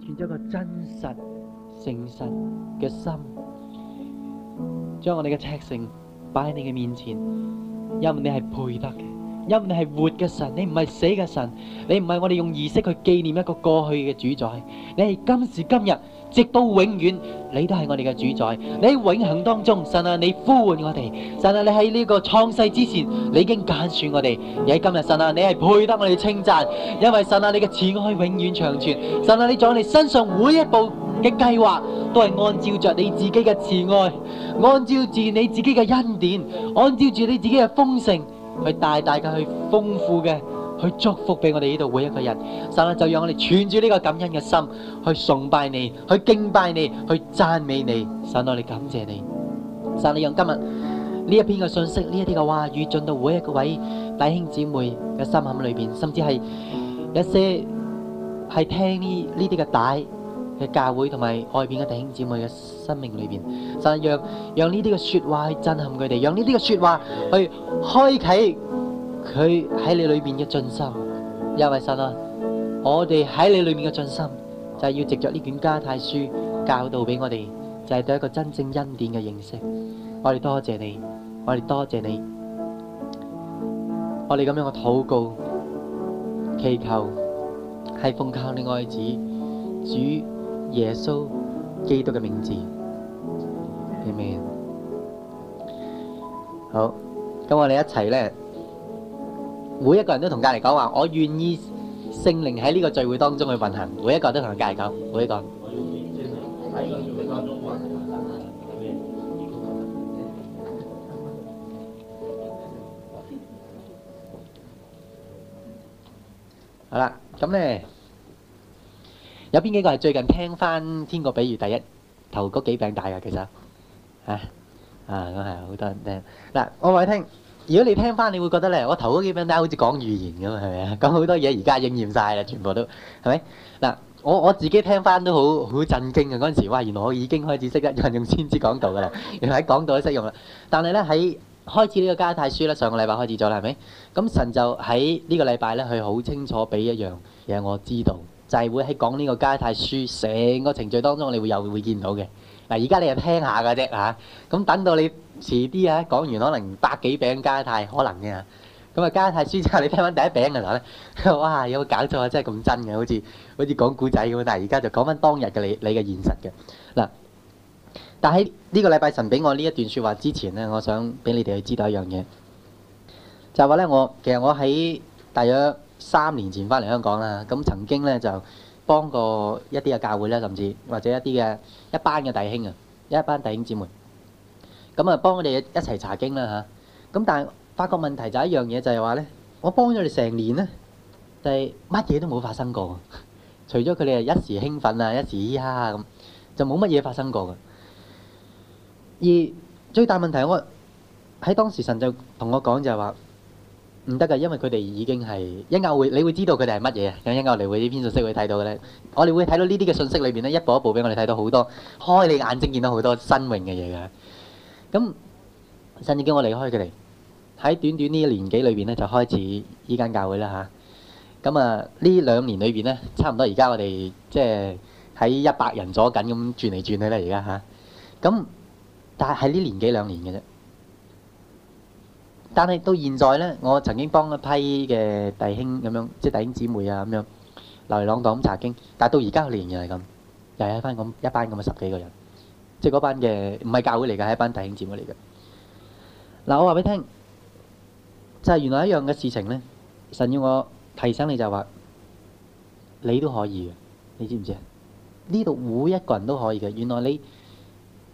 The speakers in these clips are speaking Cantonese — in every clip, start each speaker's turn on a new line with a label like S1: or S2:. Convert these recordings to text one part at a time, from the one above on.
S1: 存咗個真實、誠實嘅心，將我哋嘅赤誠擺喺你嘅面前，因為你係配得嘅，因為你係活嘅神，你唔係死嘅神，你唔係我哋用儀式去紀念一個過去嘅主宰，你係今時今日。直到永遠，你都係我哋嘅主宰。你喺永恆當中，神啊，你呼喚我哋。神啊，你喺呢個創世之前，你已經揀選我哋。而喺今日，神啊，你係配得我哋稱讚，因為神啊，你嘅慈愛永遠長存。神啊，你在我哋身上每一步嘅計劃，都係按照着你自己嘅慈愛，按照住你自己嘅恩典，按照住你自己嘅豐盛，去帶大大嘅去豐富嘅。去祝福俾我哋呢度每一個人，神啊，就讓我哋串住呢個感恩嘅心去崇拜你，去敬拜你，去讚美你，神多你感謝你，神，你用今日呢一篇嘅信息，呢一啲嘅話語進到每一位弟兄姊妹嘅心坎裏邊，甚至係一些係聽呢呢啲嘅帶嘅教會同埋外邊嘅弟兄姊妹嘅生命裏邊，神讓讓呢啲嘅說話去震撼佢哋，讓呢啲嘅說話去開啓。佢喺你裏面嘅盡心，因為神啊，我哋喺你裏面嘅盡心，就係要藉着呢卷加太書教導俾我哋，就係對一個真正恩典嘅認識。我哋多謝你，我哋多謝你，我哋咁樣嘅禱告祈求，係奉靠你愛子主耶穌基督嘅名字。Amen。好，咁我哋一齊咧。每一個人都同隔籬講話，我願意聖靈喺呢個聚會當中去運行。每一個都同隔籬講，每一個。好啦，咁咧有邊幾個係最近聽翻天國比喻？第一頭嗰幾餅大嘅其實，啊啊，梗係好多人聽。嗱，我話你聽。如果你聽翻，你會覺得咧，我頭嗰幾份單好似講預言咁啊，係咪啊？咁好多嘢而家應驗晒啦，全部都係咪？嗱，我我自己聽翻都好好震驚啊！嗰陣時，哇，原來我已經開始識得運用先知講道噶啦，原來用喺講道都識用啦。但係咧，喺開始呢個加太書咧，上個禮拜開始咗啦，係咪？咁神就喺呢個禮拜咧，佢好清楚俾一樣嘢我知道，就係、是、會喺講呢個加太書成個程序當中，你會有會見到嘅。嗱、啊，而家你又聽下嘅啫吓，咁等到你遲啲啊講完，可能百幾餅加太可能嘅、啊，咁啊加太書之後，你聽翻第一餅嘅時候咧，哇，有冇搞錯啊？真係咁真嘅，好似好似講古仔咁，但係而家就講翻當日嘅你你嘅現實嘅嗱。但喺呢個禮拜神俾我呢一段説話之前咧，我想俾你哋去知道一樣嘢，就係話咧，我其實我喺大約三年前翻嚟香港啦，咁曾經咧就。幫過一啲嘅教會啦，甚至或者一啲嘅一班嘅弟兄啊，一班弟兄姊妹，咁啊幫佢哋一齊查經啦嚇。咁但係發覺問題就係一樣嘢，就係話咧，我幫咗你成年咧，就係乜嘢都冇發生過，除咗佢哋係一時興奮啊、一時咿哈啊咁，就冇乜嘢發生過嘅。而最大問題，我喺當時神就同我講就係話。唔得㗎，因為佢哋已經係一間教會，你會知道佢哋係乜嘢啊？咁一間我哋會呢篇訊息會睇到嘅咧，我哋會睇到呢啲嘅信息裏面，咧，一步一步俾我哋睇到好多，開你眼睛見到好多新穎嘅嘢嘅。咁甚至經我離開佢哋，喺短短呢年幾裏面咧，就開始依間教會啦吓咁啊，呢、啊、兩年裏面咧，差唔多而家我哋即係喺一百人左右咁轉嚟轉去啦，啊啊、而家咁但係喺呢年幾兩年嘅啫。但係到現在咧，我曾經幫一批嘅弟兄咁樣，即係弟兄姊妹啊咁樣來兩堂咁查經。但係到而家仍然係咁，又係翻咁一班咁嘅十幾個人，即係嗰班嘅唔係教會嚟㗎，係一班弟兄姊妹嚟㗎。嗱，我話俾你聽，就係原來一樣嘅事情咧，神要我提醒你就係話，你都可以嘅，你知唔知啊？呢度每一個人都可以嘅。原來你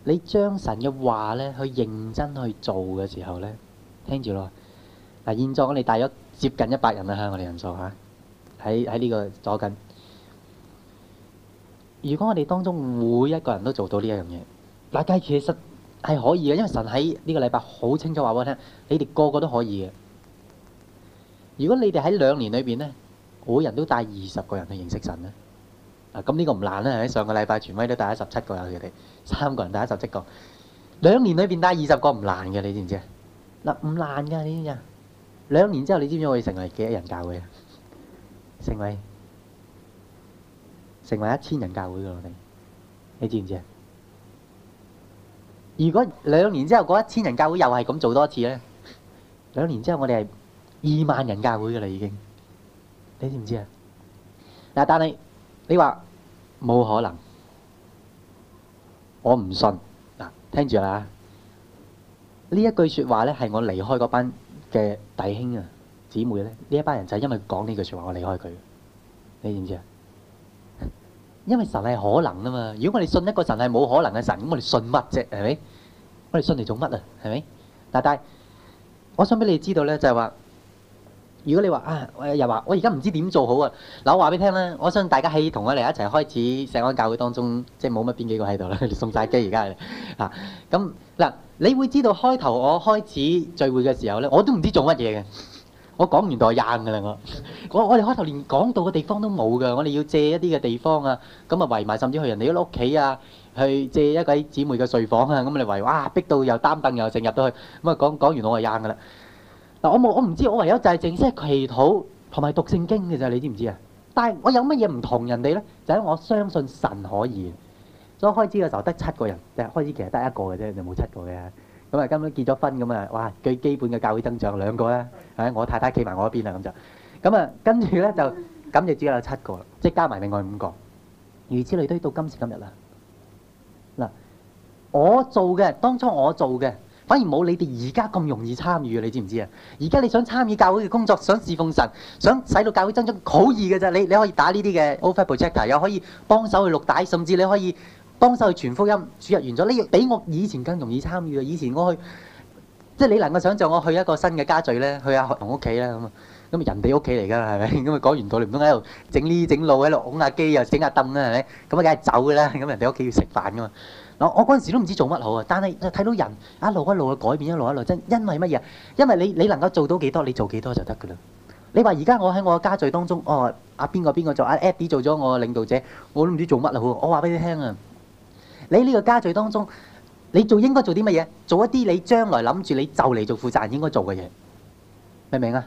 S1: 你將神嘅話咧去認真去做嘅時候咧。聽住咯，嗱，現在我哋大約接近一百人啦。嚇，我哋人數嚇喺喺呢個左近。如果我哋當中每一個人都做到呢一樣嘢，嗱，但係其實係可以嘅，因為神喺呢個禮拜好清楚話俾我聽，你哋個個都可以嘅。如果你哋喺兩年裏邊咧，每人都帶二十個人去認識神咧，嗱，咁呢個唔難啦。喺上個禮拜，全威都帶咗十七個啦，佢哋三個人帶咗十七個。兩年裏邊帶二十個唔難嘅，你知唔知啊？嗱，唔難噶，呢啲嘢，兩年之後你知唔知可以成為幾多人教會？成為成為一千人教會嘅我哋，你知唔知啊？如果兩年之後嗰一千人教會又係咁做多次咧，兩年之後我哋係二萬人教會嘅啦，已經，你知唔知啊？嗱，但係你話冇可能，我唔信。嗱，聽住啦。呢一句説話咧，係我離開嗰班嘅弟兄啊、姊妹咧，呢一班人就係因為講呢句説話，我離開佢。你知唔知啊？因為神係可能啊嘛，如果我哋信一個神係冇可能嘅神，咁我哋信乜啫？係咪？我哋信嚟做乜啊？係咪？嗱，但係我想俾你知道咧，就係話，如果你話啊，又話我而家唔知點做好啊，嗱，我話俾你聽啦，我相信大家喺同我哋一齊開始石安教會當中，即係冇乜邊幾個喺度啦，送曬機而家係吓，咁嗱。你會知道開頭我開始聚會嘅時候咧，我都唔知做乜嘢嘅。我講完就話扔嘅啦，我我我哋開頭連講到嘅地方都冇嘅，我哋要借一啲嘅地方啊，咁啊圍埋，甚至去人哋啲屋企啊，去借一個姊妹嘅睡房啊，咁嚟圍，哇逼到又擔凳又剩入到去，咁啊講講完我話扔嘅啦。嗱，我冇我唔知，我唯有就係淨係祈禱同埋讀聖經嘅咋，你知唔知啊？但係我有乜嘢唔同人哋咧？就係我相信神可以。所開始嘅時候得七個人，即係開始其實得一個嘅啫，就冇七個嘅。咁啊，今日結咗婚咁啊，哇！最基本嘅教會增長兩個啦，係我太太企埋我一邊啊，咁就咁啊，跟住咧就咁就只有七個啦，即係加埋另外五個。如此類推到今時今日啦。嗱，我做嘅，當初我做嘅，反而冇你哋而家咁容易參與啊！你知唔知啊？而家你想參與教會嘅工作，想侍奉神，想使到教會增長，好易嘅啫。你你可以打呢啲嘅 Office Projector，又可以幫手去錄帶，甚至你可以。幫手去傳福音，主入完咗，你俾我以前更容易參與啊！以前我去，即係你能夠想像我去一個新嘅家聚咧，去阿紅屋企咧咁啊，咁啊人哋屋企嚟㗎啦，係咪咁啊？講完道唔通喺度整呢整路，喺度㧬下機又整下燈啦，係咪咁啊？梗係走㗎啦！咁人哋屋企要食飯㗎嘛。我我嗰陣時都唔知做乜好啊，但係睇到人一路一路嘅改變，一路一路真因為乜嘢？因為你你能夠做到幾多，你做幾多就得㗎啦。你話而家我喺我嘅家聚當中，哦，阿邊個邊個做阿 Adi 做咗我嘅領導者，我都唔知做乜好啦。我我話俾你聽啊！你呢個家族當中，你做應該做啲乜嘢？做一啲你將來諗住你就嚟做負責人應該做嘅嘢，明唔明啊？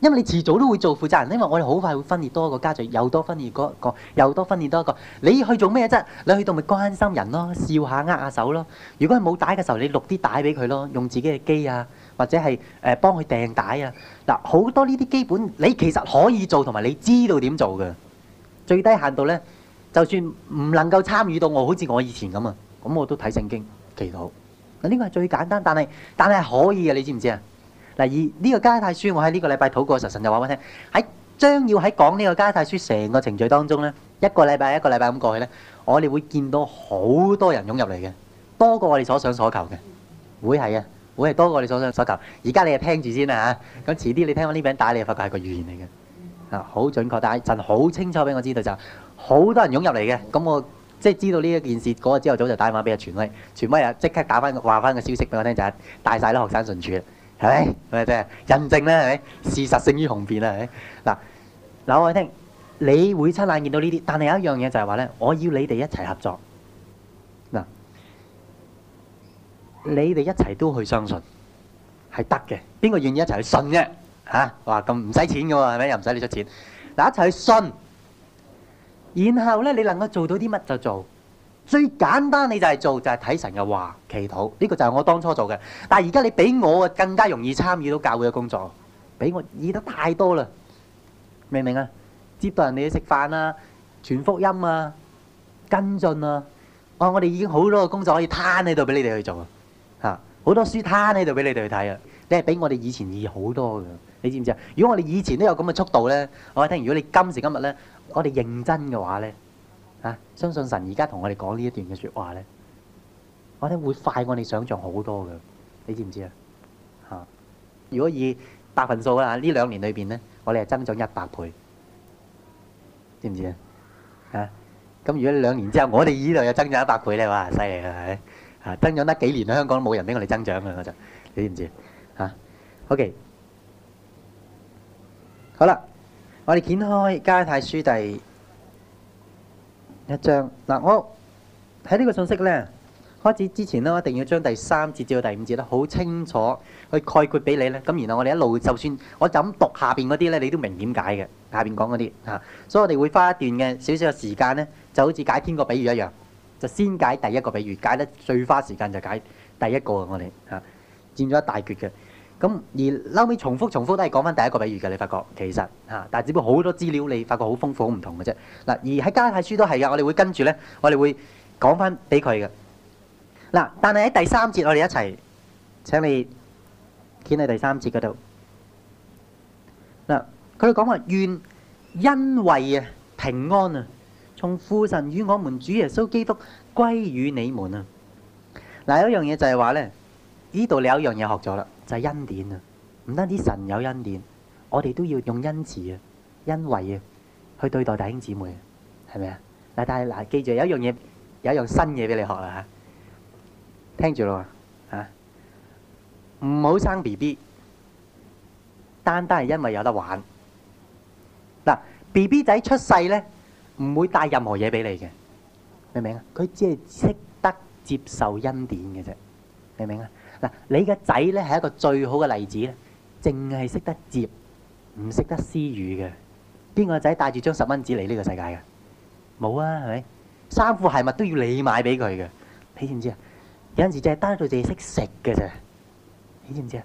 S1: 因為你遲早都會做負責人，因為我哋好快會分裂多一個家族，又多分裂多一個，又多分裂多一個。你去做咩啫？你去到咪關心人咯，笑下握下手咯。如果係冇帶嘅時候，你錄啲帶俾佢咯，用自己嘅機啊，或者係誒幫佢訂帶啊。嗱，好多呢啲基本，你其實可以做，同埋你知道點做嘅。最低限度呢。就算唔能夠參與到我，好似我以前咁啊，咁我都睇聖經祈禱。嗱，呢個係最簡單，但係但係可以嘅，你知唔知啊？嗱，而呢個加太書，我喺呢個禮拜禱過嘅時候，神就話俾我聽喺將要喺講呢個加太書成個程序當中咧，一個禮拜一個禮拜咁過去咧，我哋會見到好多人湧入嚟嘅，多過我哋所想所求嘅會係啊，會係多過我哋所想所求。而家你就聽住先啊嚇，咁遲啲你聽我呢餅帶你，就發覺係個預言嚟嘅啊，好準確，但係神好清楚俾我知道就是。好多人湧入嚟嘅，咁我即係知道呢一件事嗰日朝頭早就打電話俾阿傳威，傳威呀，即刻打翻話翻個消息俾我聽，就係帶曬啲學生進駐，係咪？咁啊即係印證咧，係咪？事實勝於雄辯啦，係咪？嗱，講我聽，你會親眼見到呢啲，但係有一樣嘢就係話咧，我要你哋一齊合作，嗱，你哋一齊都去相信係得嘅，邊個願意一齊去信啫？吓，話咁唔使錢㗎喎，係咪？又唔使你出錢，嗱，一齊去信。你呢好呢，你能夠做到啲乜就做，最簡單你再做就體誠的話，起頭那個就我當初做的，但已經你比我更加容易參與到教會的工作，比我贏得太多了。你知唔知啊？如果我哋以前都有咁嘅速度咧，我哋聽如果你今時今日咧，我哋認真嘅話咧，吓，相信神而家同我哋講呢一段嘅說話咧，我哋會快過你想象好多嘅，你知唔知啊？吓，如果以百分數啊，呢兩年裏邊咧，我哋係增長一百倍，知唔知啊？吓，咁如果兩年之後我哋呢度又增長一百倍咧，哇，犀利啊！吓，增長得幾年啊？香港冇人俾我哋增長嘅我就，你知唔知？吓，好嘅。好啦，我哋掀開《加拉太書》第一章嗱，我喺呢個信息呢，開始之前咧，我一定要將第三節至到第五節咧好清楚去概括俾你呢。咁然後我哋一路就算我就咁讀下邊嗰啲呢，你都明點解嘅下邊講嗰啲嚇。所以我哋會花一段嘅少少嘅時間呢，就好似解篇個比喻一樣，就先解第一個比喻，解得最花時間就解第一個我哋嚇，佔咗一大橛嘅。咁而嬲尾重複重複都係講翻第一個比喻嘅，你發覺其實、啊、但只不過好多資料，你發覺好豐富、好唔同嘅啫。嗱、啊，而喺加太書都係嘅，我哋會跟住咧，我哋會講翻俾佢嘅。嗱、啊，但係喺第三節我，我哋一齊請你見喺第三節嗰度。嗱、啊，佢講話願恩惠啊，平安啊，從父神與我們主耶穌基督歸於你們啊。嗱，有一樣嘢就係話咧，呢度你有一樣嘢學咗啦。就係恩典啊！唔單止神有恩典，我哋都要用恩慈啊、恩惠啊，去對待弟兄姊妹啊，係咪啊？但係嗱，記住有一樣嘢，有一樣新嘢俾你學啦嚇，聽住咯嚇，唔好生 B B，單單係因為有得玩。嗱，B B 仔出世咧，唔會帶任何嘢俾你嘅，明唔明啊？佢只係識得接受恩典嘅啫，明唔明啊？嗱，你個仔咧係一個最好嘅例子，淨係識得接，唔識得施予嘅。邊個仔帶住張十蚊紙嚟呢個世界嘅？冇啊，係咪？衫褲鞋襪都要你買俾佢嘅。你知唔知啊？有陣時淨係單獨自己識食嘅啫。你知唔知啊？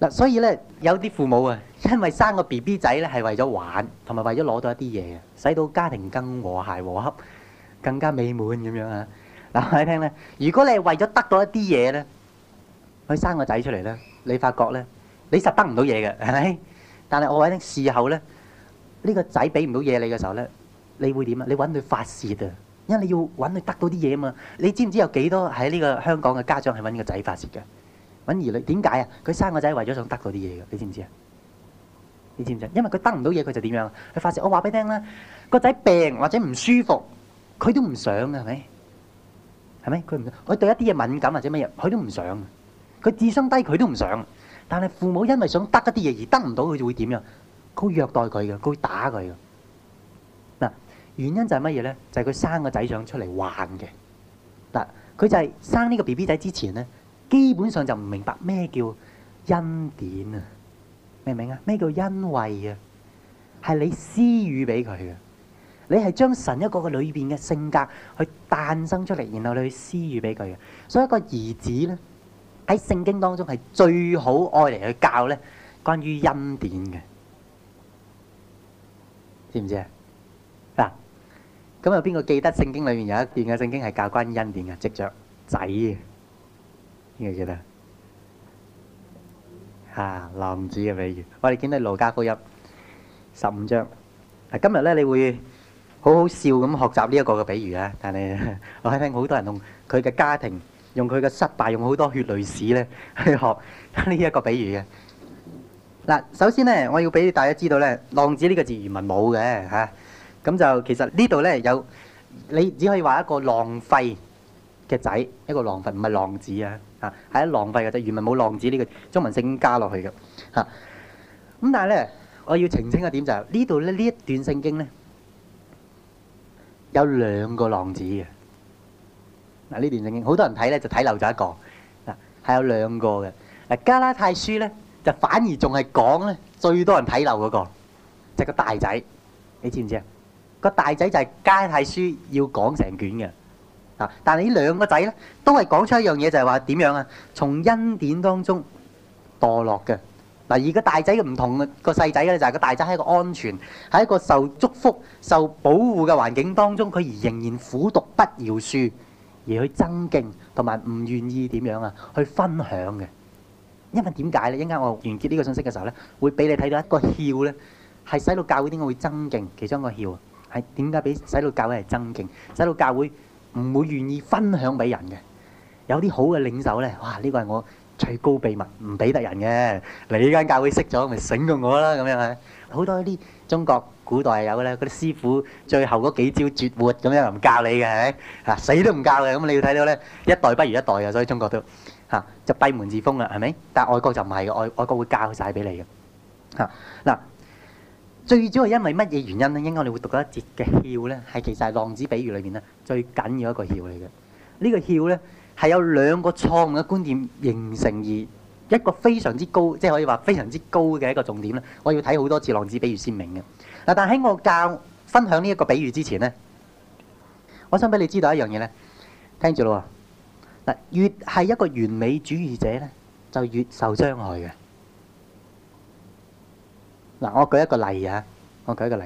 S1: 嗱，所以咧有啲父母啊，因為生個 B B 仔咧係為咗玩，同埋為咗攞到一啲嘢嘅，使到家庭更和諧和洽，更加美滿咁樣啊！嗱，我哋聽咧，如果你係為咗得到一啲嘢咧。佢生個仔出嚟咧，你發覺咧，你實得唔到嘢嘅，係咪？但係我話你聽，事後咧，呢個仔俾唔到嘢你嘅時候咧，你會點啊？你揾佢發泄啊！因為你要揾佢得到啲嘢啊嘛。你知唔知有幾多喺呢個香港嘅家長係揾個仔發泄嘅？揾兒女點解啊？佢生個仔為咗想得到啲嘢嘅，你知唔知啊？你知唔知啊？因為佢得唔到嘢，佢就點樣？佢發泄。我話俾你聽啦，個仔病或者唔舒服，佢都唔想嘅，係咪？係咪？佢唔想。佢對一啲嘢敏感或者乜嘢，佢都唔想。佢智商低，佢都唔想。但係父母因為想得一啲嘢而得唔到，佢就會點樣？佢虐待佢嘅，佢會打佢嘅。嗱，原因就係乜嘢咧？就係、是、佢生個仔想出嚟玩嘅。嗱，佢就係生呢個 B B 仔之前咧，基本上就唔明白咩叫恩典啊？明唔明啊？咩叫恩惠啊？係你施予俾佢嘅，你係將神一個嘅裏邊嘅性格去誕生出嚟，然後你去施予俾佢嘅。所以一個兒子咧。喺聖經當中係最好愛嚟去教咧，關於恩典嘅，知唔知啊？嗱，咁有邊個記得聖經裏面有一段嘅聖經係教關恩典嘅，藉著仔嘅，邊個記得？嚇，浪子嘅比喻，我哋見到路加福音十五章。嗱，今日咧你會好好笑咁學習呢一個嘅比喻啊！但係我喺聽好多人同佢嘅家庭。用佢嘅失敗，用好多血淚史咧，去學呢一個比喻嘅。嗱，首先咧，我要俾大家知道咧，浪子呢個字原文冇嘅嚇。咁、啊、就其實呢度咧有，你只可以話一個浪費嘅仔，一個浪費，唔係浪子啊。嚇，係一浪費嘅啫，原文冇浪子呢、呢個中文姓加落去嘅。嚇、啊，咁但係咧，我要澄清一點就係呢度咧呢一段聖經咧，有兩個浪子嘅。嗱，呢段正經好多人睇咧，就睇漏咗一個嗱，係有兩個嘅。嗱，加拉太書咧就反而仲係講咧最多人睇漏嗰個，就係個大仔，你知唔知啊？個大仔就係加拉太書要講成卷嘅啊。但係呢兩個仔咧都係講出一樣嘢，就係話點樣啊？從恩典當中墮落嘅嗱。而個大仔嘅唔同個細仔咧，就係個大仔喺一個安全喺一個受祝福、受保護嘅環境當中，佢而仍然苦讀不饒恕。而去增勁，同埋唔願意點樣啊？去分享嘅，因為點解咧？一陣間我完結呢個信息嘅時候咧，會俾你睇到一個竅咧，係使到教會點解會增勁？其中一個竅啊，係點解俾使到教會係增勁？使到教會唔會願意分享俾人嘅，有啲好嘅領袖咧，哇！呢個係我最高秘密，唔俾得人嘅。你呢間教會識咗，咪醒過我啦咁樣係！好多啲中國古代係有咧，嗰啲師傅最後嗰幾招絕活咁樣又唔教你嘅，係咪？啊，死都唔教嘅，咁你要睇到咧，一代不如一代啊！所以中國都嚇就閉門自封啦，係咪？但係外國就唔係嘅，外外國會教曬俾你嘅嚇嗱。最主要係因為乜嘢原因咧？應該你會讀一節嘅竅咧，係其實係浪子比喻裏邊咧，最緊要一個竅嚟嘅。呢個竅咧係有兩個錯誤嘅觀點形成而。一個非常之高，即係可以話非常之高嘅一個重點咧。我要睇好多次浪子比喻先明嘅嗱，但喺我教分享呢一個比喻之前咧，我想俾你知道一樣嘢咧，聽住咯嗱。越係一個完美主義者咧，就越受傷害嘅嗱。我舉一個例啊，我舉一個例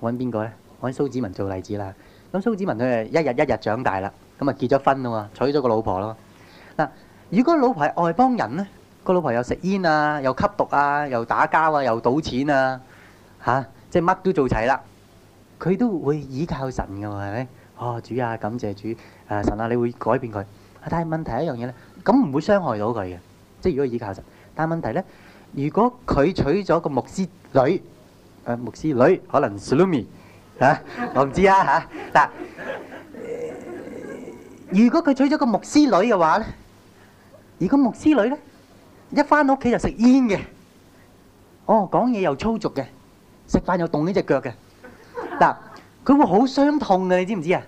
S1: 我揾邊個咧？我揾蘇子文做例子啦。咁蘇子文佢係一日一日長大啦，咁啊結咗婚啊嘛，娶咗個老婆咯嗱。如果老婆係外邦人咧？個老婆又食煙啊，又吸毒啊，又打交啊，又賭錢啊，嚇！即係乜都做齊啦。佢都會倚靠神嘅喎，係咪？哦，主啊，感謝主！誒，神啊，你會改變佢。但係問題一樣嘢咧，咁唔會傷害到佢嘅，即係如果倚靠神。但係問題咧，如果佢娶咗個牧師女，誒牧師女可能 Slumy 嚇，我唔知啊嚇。嗱，如果佢娶咗個牧師女嘅話咧，如果牧師女咧？一翻到屋企就食煙嘅，哦，講嘢又粗俗嘅，食飯又動呢隻腳嘅，嗱，佢會好傷痛嘅，你知唔知啊？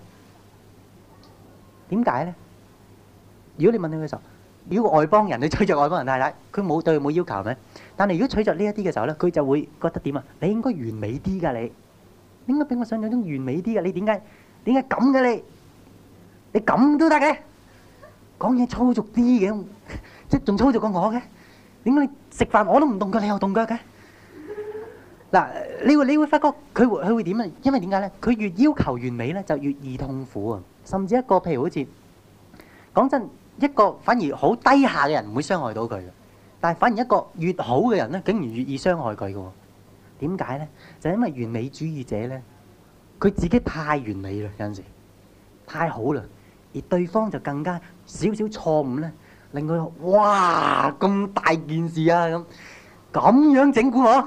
S1: 點解咧？如果你問佢嘅時候，如果外邦人，你取著外邦人太太，佢冇對佢冇要求咩？但係如果取著呢一啲嘅時候咧，佢就會覺得點啊？你應該完美啲㗎，你應該比我想象中完美啲嘅，你點解，點解咁嘅你？你咁都得嘅，講嘢粗俗啲嘅。即仲粗俗過我嘅，點解你食飯我都唔動腳，你又動腳嘅？嗱，你會你會發覺佢會佢會點啊？因為點解咧？佢越要求完美咧，就越易痛苦啊！甚至一個譬如好似講真，一個反而好低下嘅人唔會傷害到佢嘅，但係反而一個越好嘅人咧，竟然越易傷害佢嘅。點解咧？就係因為完美主義者咧，佢自己太完美啦，有陣時太好啦，而對方就更加少少錯誤咧。令佢哇，咁大件事啊，咁咁樣整蠱我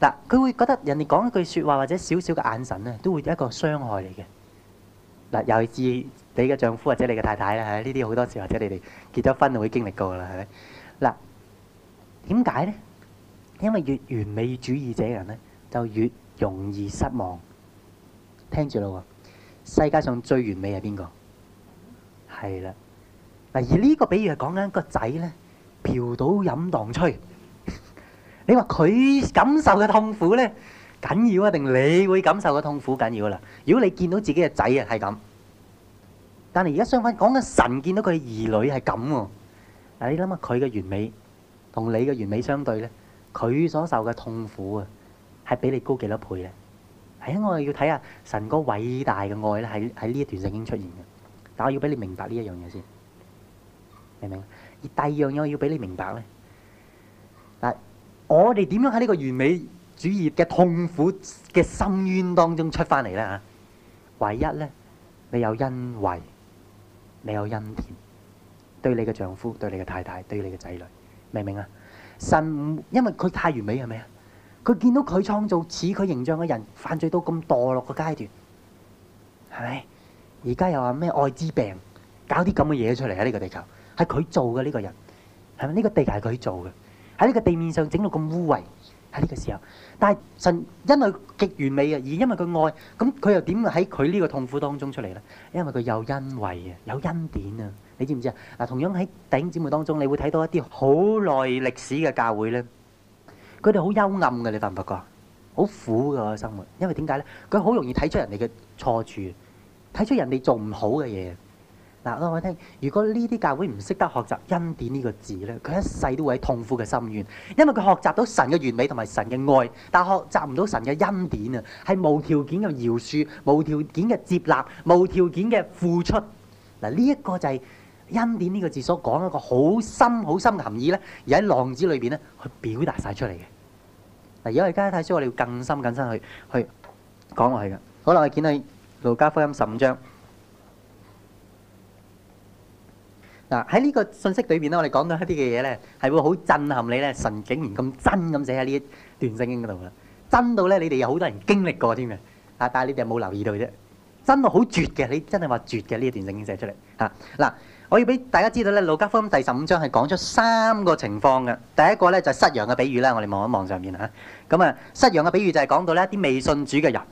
S1: 嗱。佢會覺得人哋講一句說話或者少少嘅眼神咧，都會有一個傷害嚟嘅嗱。尤其是你嘅丈夫或者你嘅太太咧，呢啲好多時或者你哋結咗婚都會經歷過噶啦，係咪嗱？點解咧？因為越完美主義者嘅人咧，就越容易失望。聽住啦喎，世界上最完美係邊個？係啦。嗱，而呢個比喻係講緊個仔咧，嫖賭飲蕩吹。 你話佢感受嘅痛苦咧緊要啊，定你會感受嘅痛苦緊要啦？如果你見到自己嘅仔啊係咁，但係而家相反，講緊神見到佢兒女係咁喎。嗱，你諗下佢嘅完美同你嘅完美相對咧，佢所受嘅痛苦啊，係比你高幾多倍咧？係、哎，我哋要睇下神個偉大嘅愛咧，喺喺呢一段聖經出現嘅。但我要俾你明白呢一樣嘢先。明唔明啊？而第二樣嘢，我要俾你明白咧。嗱，我哋點樣喺呢個完美主義嘅痛苦嘅深淵當中出翻嚟咧？嚇，唯一咧，你有恩惠，你有恩典，對你嘅丈夫，對你嘅太太，對你嘅仔女，明唔明啊？神因為佢太完美係咪啊？佢見到佢創造似佢形象嘅人犯罪到咁墮落嘅階段，係咪？而家又話咩愛滋病搞啲咁嘅嘢出嚟喺呢個地球。係佢做嘅呢個人，係咪呢個地球係佢做嘅？喺呢個地面上整到咁污穢，喺呢個時候，但係神因為極完美啊，而因為佢愛，咁佢又點喺佢呢個痛苦當中出嚟咧？因為佢有恩惠啊，有恩典啊，你知唔知啊？嗱，同樣喺弟兄姊妹當中，你會睇到一啲好耐歷史嘅教會咧，佢哋好幽暗嘅，你發唔發覺？好苦嘅生活，因為點解咧？佢好容易睇出人哋嘅錯處，睇出人哋做唔好嘅嘢。嗱，我哋聽，如果呢啲教會唔識得學習恩典呢個字咧，佢一世都會喺痛苦嘅深淵，因為佢學習到神嘅完美同埋神嘅愛，但係學習唔到神嘅恩典啊，係無條件嘅饒恕、無條件嘅接納、無條件嘅付出。嗱，呢一個就係恩典呢個字所講一個好深、好深嘅含義咧，而喺浪子裏邊咧去表達晒出嚟嘅。嗱，有位家太需要，我哋要更深、更深去去講落去嘅。好，我哋見係路加福音十五章。嗱，喺呢個信息裏邊咧，我哋講到一啲嘅嘢咧，係會好震撼你咧。神竟然咁真咁寫喺呢段聖經嗰度啦，真到咧你哋有好多人經歷過添嘅啊！但係你哋冇留意到啫，真到好絕嘅。你真係話絕嘅呢段聖經寫出嚟嚇，嗱。我要俾大家知道咧，《路加福音》第十五章係講出三個情況嘅。第一個咧就係失羊嘅比喻啦。我哋望一望上面嚇咁啊，失羊嘅比喻就係講到呢一啲未信主嘅人，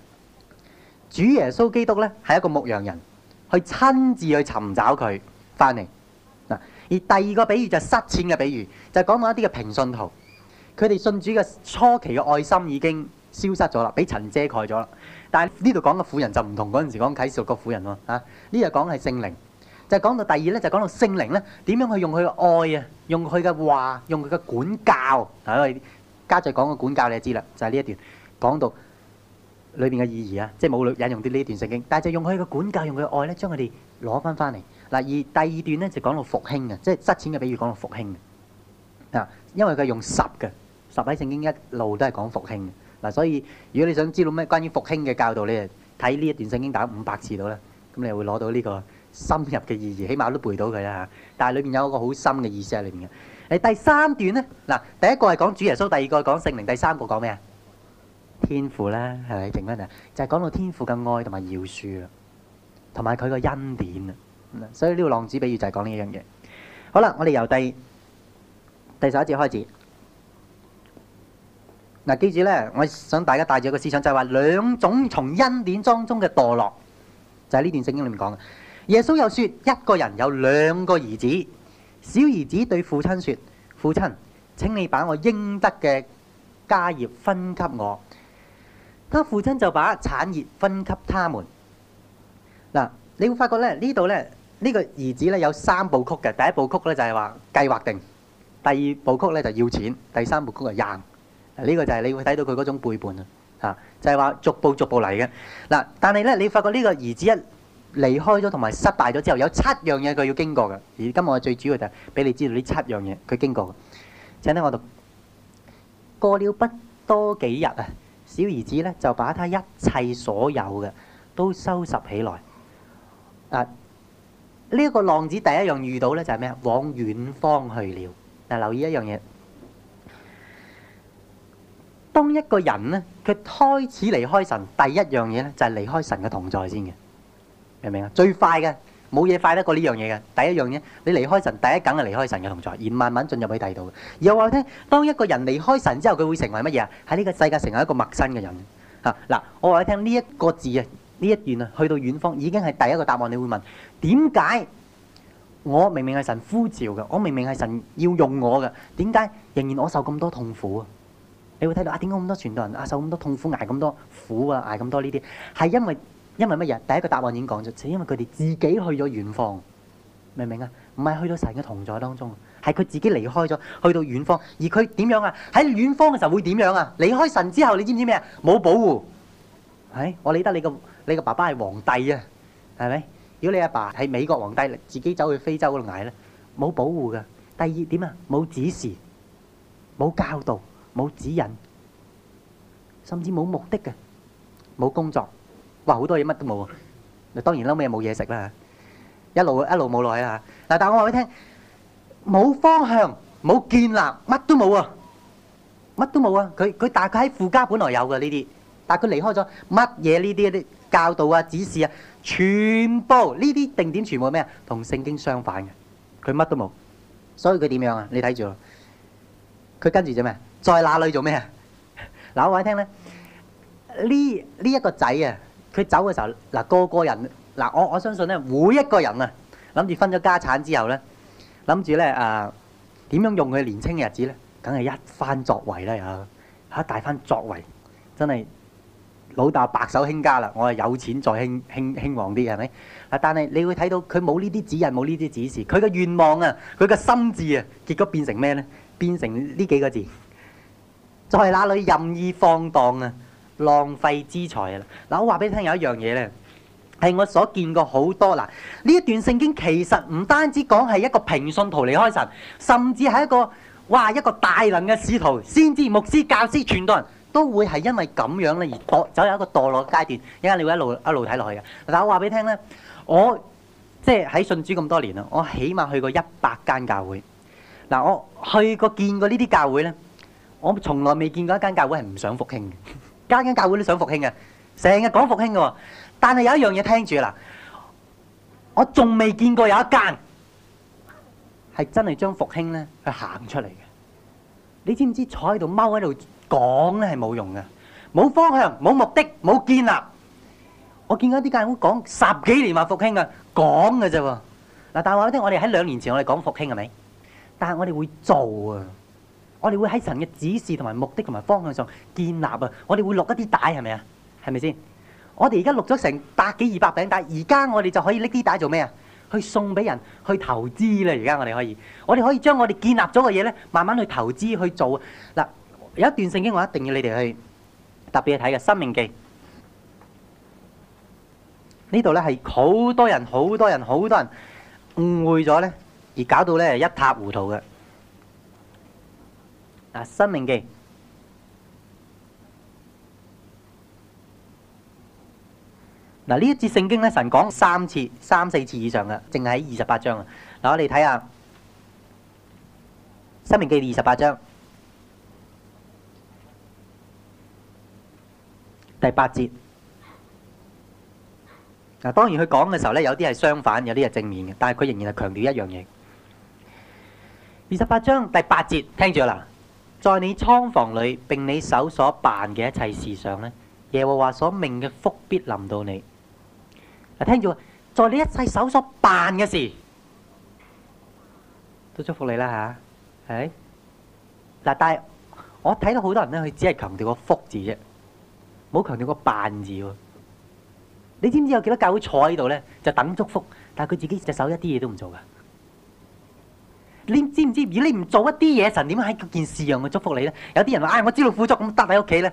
S1: 主耶穌基督咧係一個牧羊人，去親自去尋找佢翻嚟。而第二個比喻就係失錢嘅比喻，就講到一啲嘅平信徒。佢哋信主嘅初期嘅愛心已經消失咗啦，俾塵遮蓋咗啦。但係呢度講嘅婦人就唔同，嗰陣時講啟示錄個婦人喎，呢度講嘅係聖靈。就講到第二咧，就講到聖靈咧，點樣去用佢嘅愛啊，用佢嘅話，用佢嘅管教。加咗講嘅管教你就知啦，就係呢一段講到裏邊嘅意義啊，即係冇引用呢一段聖經，但係就用佢嘅管教，用佢嘅愛咧，將佢哋攞返返嚟。嗱，而第二段咧就講到復興嘅，即係失錢嘅。比喻講到復興啊，因為佢用十嘅十喺聖經一路都係講復興嘅。嗱，所以如果你想知道咩關於復興嘅教導，你啊睇呢一段聖經打五百次到啦，咁你會攞到呢個深入嘅意義，起碼都背到佢啦。但係裏邊有一個好深嘅意思喺裏邊嘅。誒，第三段咧，嗱，第一個係講主耶穌，第二個講聖靈，第三個講咩啊？天父啦係咪定咩啊？就係講到天父嘅愛同埋饒恕啦，同埋佢個恩典啊。所以呢個浪子比喻就係講呢樣嘢。好啦，我哋由第第十一節開始。嗱、啊，記住呢，我想大家帶住一個思想，就係話兩種從恩典當中嘅墮落，就喺、是、呢段聖經裏面講嘅。耶穌又說，一個人有兩個兒子，小兒子對父親說：父親，請你把我應得嘅家業分給我。他父親就把產業分給他們。嗱、啊，你會發覺咧，呢度呢。這裡呢呢個兒子咧有三部曲嘅，第一部曲咧就係話計劃定，第二部曲咧就要錢，第三部曲就是贏。呢個就係你會睇到佢嗰種背叛啊，嚇！就係話逐步逐步嚟嘅。嗱，啊，但係咧你發覺呢個兒子一離開咗同埋失敗咗之後，有七樣嘢佢要經過嘅。而今日我最主要就係俾你知道呢七樣嘢佢經過嘅。請聽我讀。過了不多幾日啊，小兒子咧就把他一切所有嘅都收拾起來，啊。呢一個浪子第一樣遇到咧就係咩啊？往遠方去了。嗱，留意一樣嘢，當一個人咧，佢開始離開神，第一樣嘢咧就係離開神嘅同在先嘅，明唔明啊？最快嘅，冇嘢快得過呢樣嘢嘅。第一樣嘢，你離開神，第一梗係離開神嘅同在，而慢慢進入去第二度。而我話你聽，當一個人離開神之後，佢會成為乜嘢啊？喺呢個世界成為一個陌生嘅人。嚇嗱，我話你聽呢一個字啊！呢一段啊，去到遠方已經係第一個答案。你會問點解我明明係神呼召嘅，我明明係神要用我嘅，點解仍然我受咁多痛苦啊？你會睇到啊，點解咁多傳道人啊受咁多痛苦，捱咁多苦啊，捱咁多呢啲係因為因為乜嘢？第一個答案已經講咗，就係因為佢哋自己去咗遠方，明唔明啊？唔係去到神嘅同在當中，係佢自己離開咗，去到遠方。而佢點樣啊？喺遠方嘅時候會點樣啊？離開神之後，你知唔知咩啊？冇保護，係我理得你咁。你個爸爸係皇帝啊，係咪？如果你阿爸係美國皇帝，自己走去非洲嗰度捱咧，冇保護㗎。第二點啊，冇指示，冇教導，冇指引，甚至冇目的嘅，冇工作，哇！好多嘢乜都冇啊。當然嬲咩冇嘢食啦嚇，一路一路冇耐啦嚇。嗱，但我話畀你聽，冇方向，冇建立，乜都冇啊，乜都冇啊。佢佢大概喺富家本來有嘅呢啲，但佢離開咗乜嘢呢啲嗰啲。教導啊、指示啊，全部呢啲定點全部係咩啊？同聖經相反嘅，佢乜都冇，所以佢點樣看他啊？你睇住啦，佢跟住做咩？在哪裏做咩啊？嗱，我話你聽咧，呢呢一個仔啊，佢走嘅時候，嗱個個人，嗱、啊、我我相信咧，每一個人啊，諗住分咗家產之後咧，諗住咧啊，點樣用佢年青嘅日子咧？梗係一番作為啦，嚇、啊、嚇一大番作為，真係。老豆白手興家啦，我係有錢再興興興旺啲，係咪？啊！但係你會睇到佢冇呢啲指引，冇呢啲指示，佢嘅願望啊，佢嘅心智啊，結果變成咩呢？變成呢幾個字，在那裏任意放蕩啊，浪費資財啊！嗱，我話俾你聽有一樣嘢呢，係我所見過好多嗱，呢一段聖經其實唔單止講係一個平信徒離開神，甚至係一個哇一個大能嘅使徒、先知、牧師、教師、傳道人。都會係因為咁樣咧而墮走入一個墮落階段，依家你會一路一路睇落去嘅。但我話俾你聽咧，我即係喺信主咁多年啦，我起碼去過一百間教會。嗱，我去過見過呢啲教會咧，我從來未見過一間教會係唔想復興嘅，間間教會都想復興嘅，成日講復興嘅。但係有一樣嘢聽住啦，我仲未見過有一間係真係將復興咧去行出嚟嘅。你知唔知坐喺度踎喺度？講咧係冇用嘅，冇方向、冇目的、冇建立。我見過啲教會講十幾年話復興嘅講嘅啫喎。嗱，但係我聽我哋喺兩年前我哋講復興係咪？但係我哋會做啊！我哋會喺神嘅指示同埋目的同埋方向上建立啊！我哋會落一啲帶係咪啊？係咪先？我哋而家落咗成百幾二百餅帶，而家我哋就可以拎啲帶做咩啊？去送俾人去投資啦！而家我哋可以，我哋可以將我哋建立咗嘅嘢咧，慢慢去投資去做啊嗱。有一段聖經，我一定要你哋去特別去睇嘅《生命記》。呢度咧係好多人、好多人、好多人誤會咗咧，而搞到咧一塌糊塗嘅。嗱，《生命記》嗱呢一節聖經咧，神講三次、三四次以上嘅，淨係喺二十八章啊。嗱，我哋睇下《生命記》二十八章。第八節嗱，當然佢講嘅時候呢，有啲係相反，有啲係正面嘅，但係佢仍然係強調一樣嘢。二十八章第八節，聽住啦，在你倉房裏並你手所辦嘅一切事上呢，耶和華所命嘅福必臨到你。嗱，聽住，在你一切手所辦嘅事都祝福你啦嚇。誒嗱，但係我睇到好多人呢，佢只係強調個福字啫。冇好強調個扮字喎，你知唔知有幾多教會坐喺度咧？就等祝福，但係佢自己隻手一啲嘢都唔做噶。你知唔知？如果你唔做一啲嘢，神點樣喺件事讓佢祝福你咧？有啲人話：唉、哎，我知道富足，咁得喺屋企咧，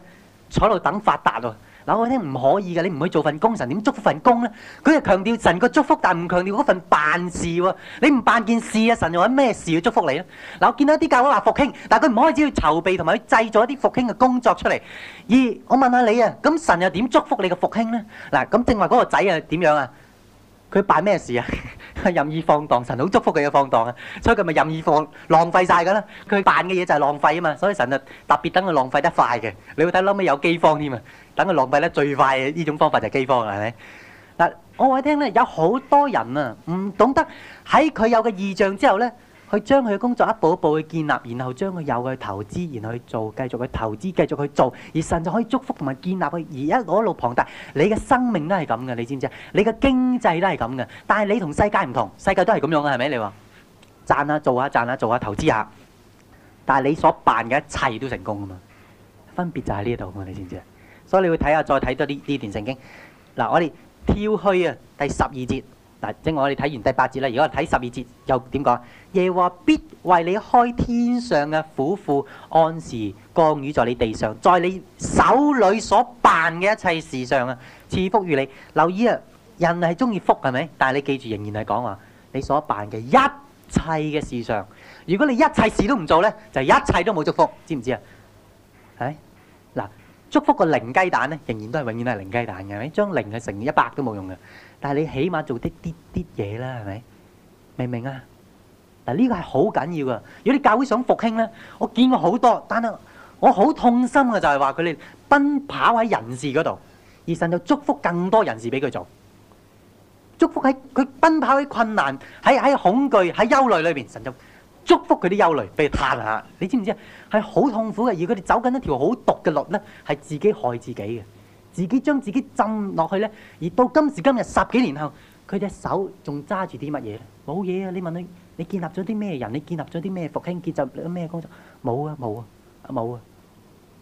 S1: 坐喺度等發達喎，啊。嗱，我聽唔可以噶，你唔去做份工，神點祝福份工咧？佢係強調神個祝福，但唔強調嗰份辦事喎。你唔辦件事啊，神又揾咩事去祝福你咧？嗱，我見到一啲教會話復興，但係佢唔可以只要籌備同埋去製造一啲復興嘅工作出嚟。二，我問下你啊，咁神又點祝福你嘅復興咧？嗱，咁正話嗰個仔啊，點樣啊？佢辦咩事啊？ 任意放蕩，神好祝福佢嘅放蕩啊，所以佢咪任意放浪費晒噶啦。佢辦嘅嘢就係浪費啊嘛，所以神就特別等佢浪費得快嘅。你會睇後尾有饑荒添啊，等佢浪費得最快嘅呢種方法就係饑荒啦，係咪？嗱，我話你聽咧，有好多人啊，唔懂得喺佢有個異象之後咧。去將佢嘅工作一步一步去建立，然後將佢有嘅投資，然後去做，繼續去投資，繼續去做，而甚至可以祝福同埋建立佢，而一路一路龐大。你嘅生命都係咁嘅，你知唔知啊？你嘅經濟都係咁嘅，但係你同世界唔同，世界都係咁樣嘅，係咪？你話賺啊，做下、啊、賺啊，做下、啊、投資啊，但係你所辦嘅一切都成功啊嘛。分別就喺呢度，你知唔知啊？所以你要睇下，再睇多啲呢段聖經。嗱，我哋跳去啊，第十二節。正我哋睇完第八節啦，如果我哋睇十二節又點講？耶和華必為你開天上嘅府庫，按時降雨在你地上，在你手裏所辦嘅一切事上啊，賜福與你。留意啊，人係鍾意福係咪？但係你記住，仍然係講話你所辦嘅一切嘅事上。如果你一切事都唔做咧，就一切都冇祝福，知唔知啊？係嗱，祝福個零雞蛋咧，仍然都係永遠都係零雞蛋嘅，將零嘅乘以一百都冇用嘅。但係你起碼做啲啲啲嘢啦，係咪？明唔明啊？嗱，呢個係好緊要噶。如果你教會想復興咧，我見過好多，但係我好痛心嘅就係話佢哋奔跑喺人事嗰度，而神就祝福更多人士俾佢做，祝福喺佢奔跑喺困難、喺喺恐懼、喺憂慮裏邊，神就祝福佢啲憂慮俾佢嘆下。你知唔知啊？係好痛苦嘅，而佢哋走緊一條好毒嘅路咧，係自己害自己嘅。自己將自己浸落去呢，而到今時今日十幾年後，佢隻手仲揸住啲乜嘢？冇嘢啊！你問佢：「你建立咗啲咩人？你建立咗啲咩復興結集咩工作？冇啊冇啊冇啊！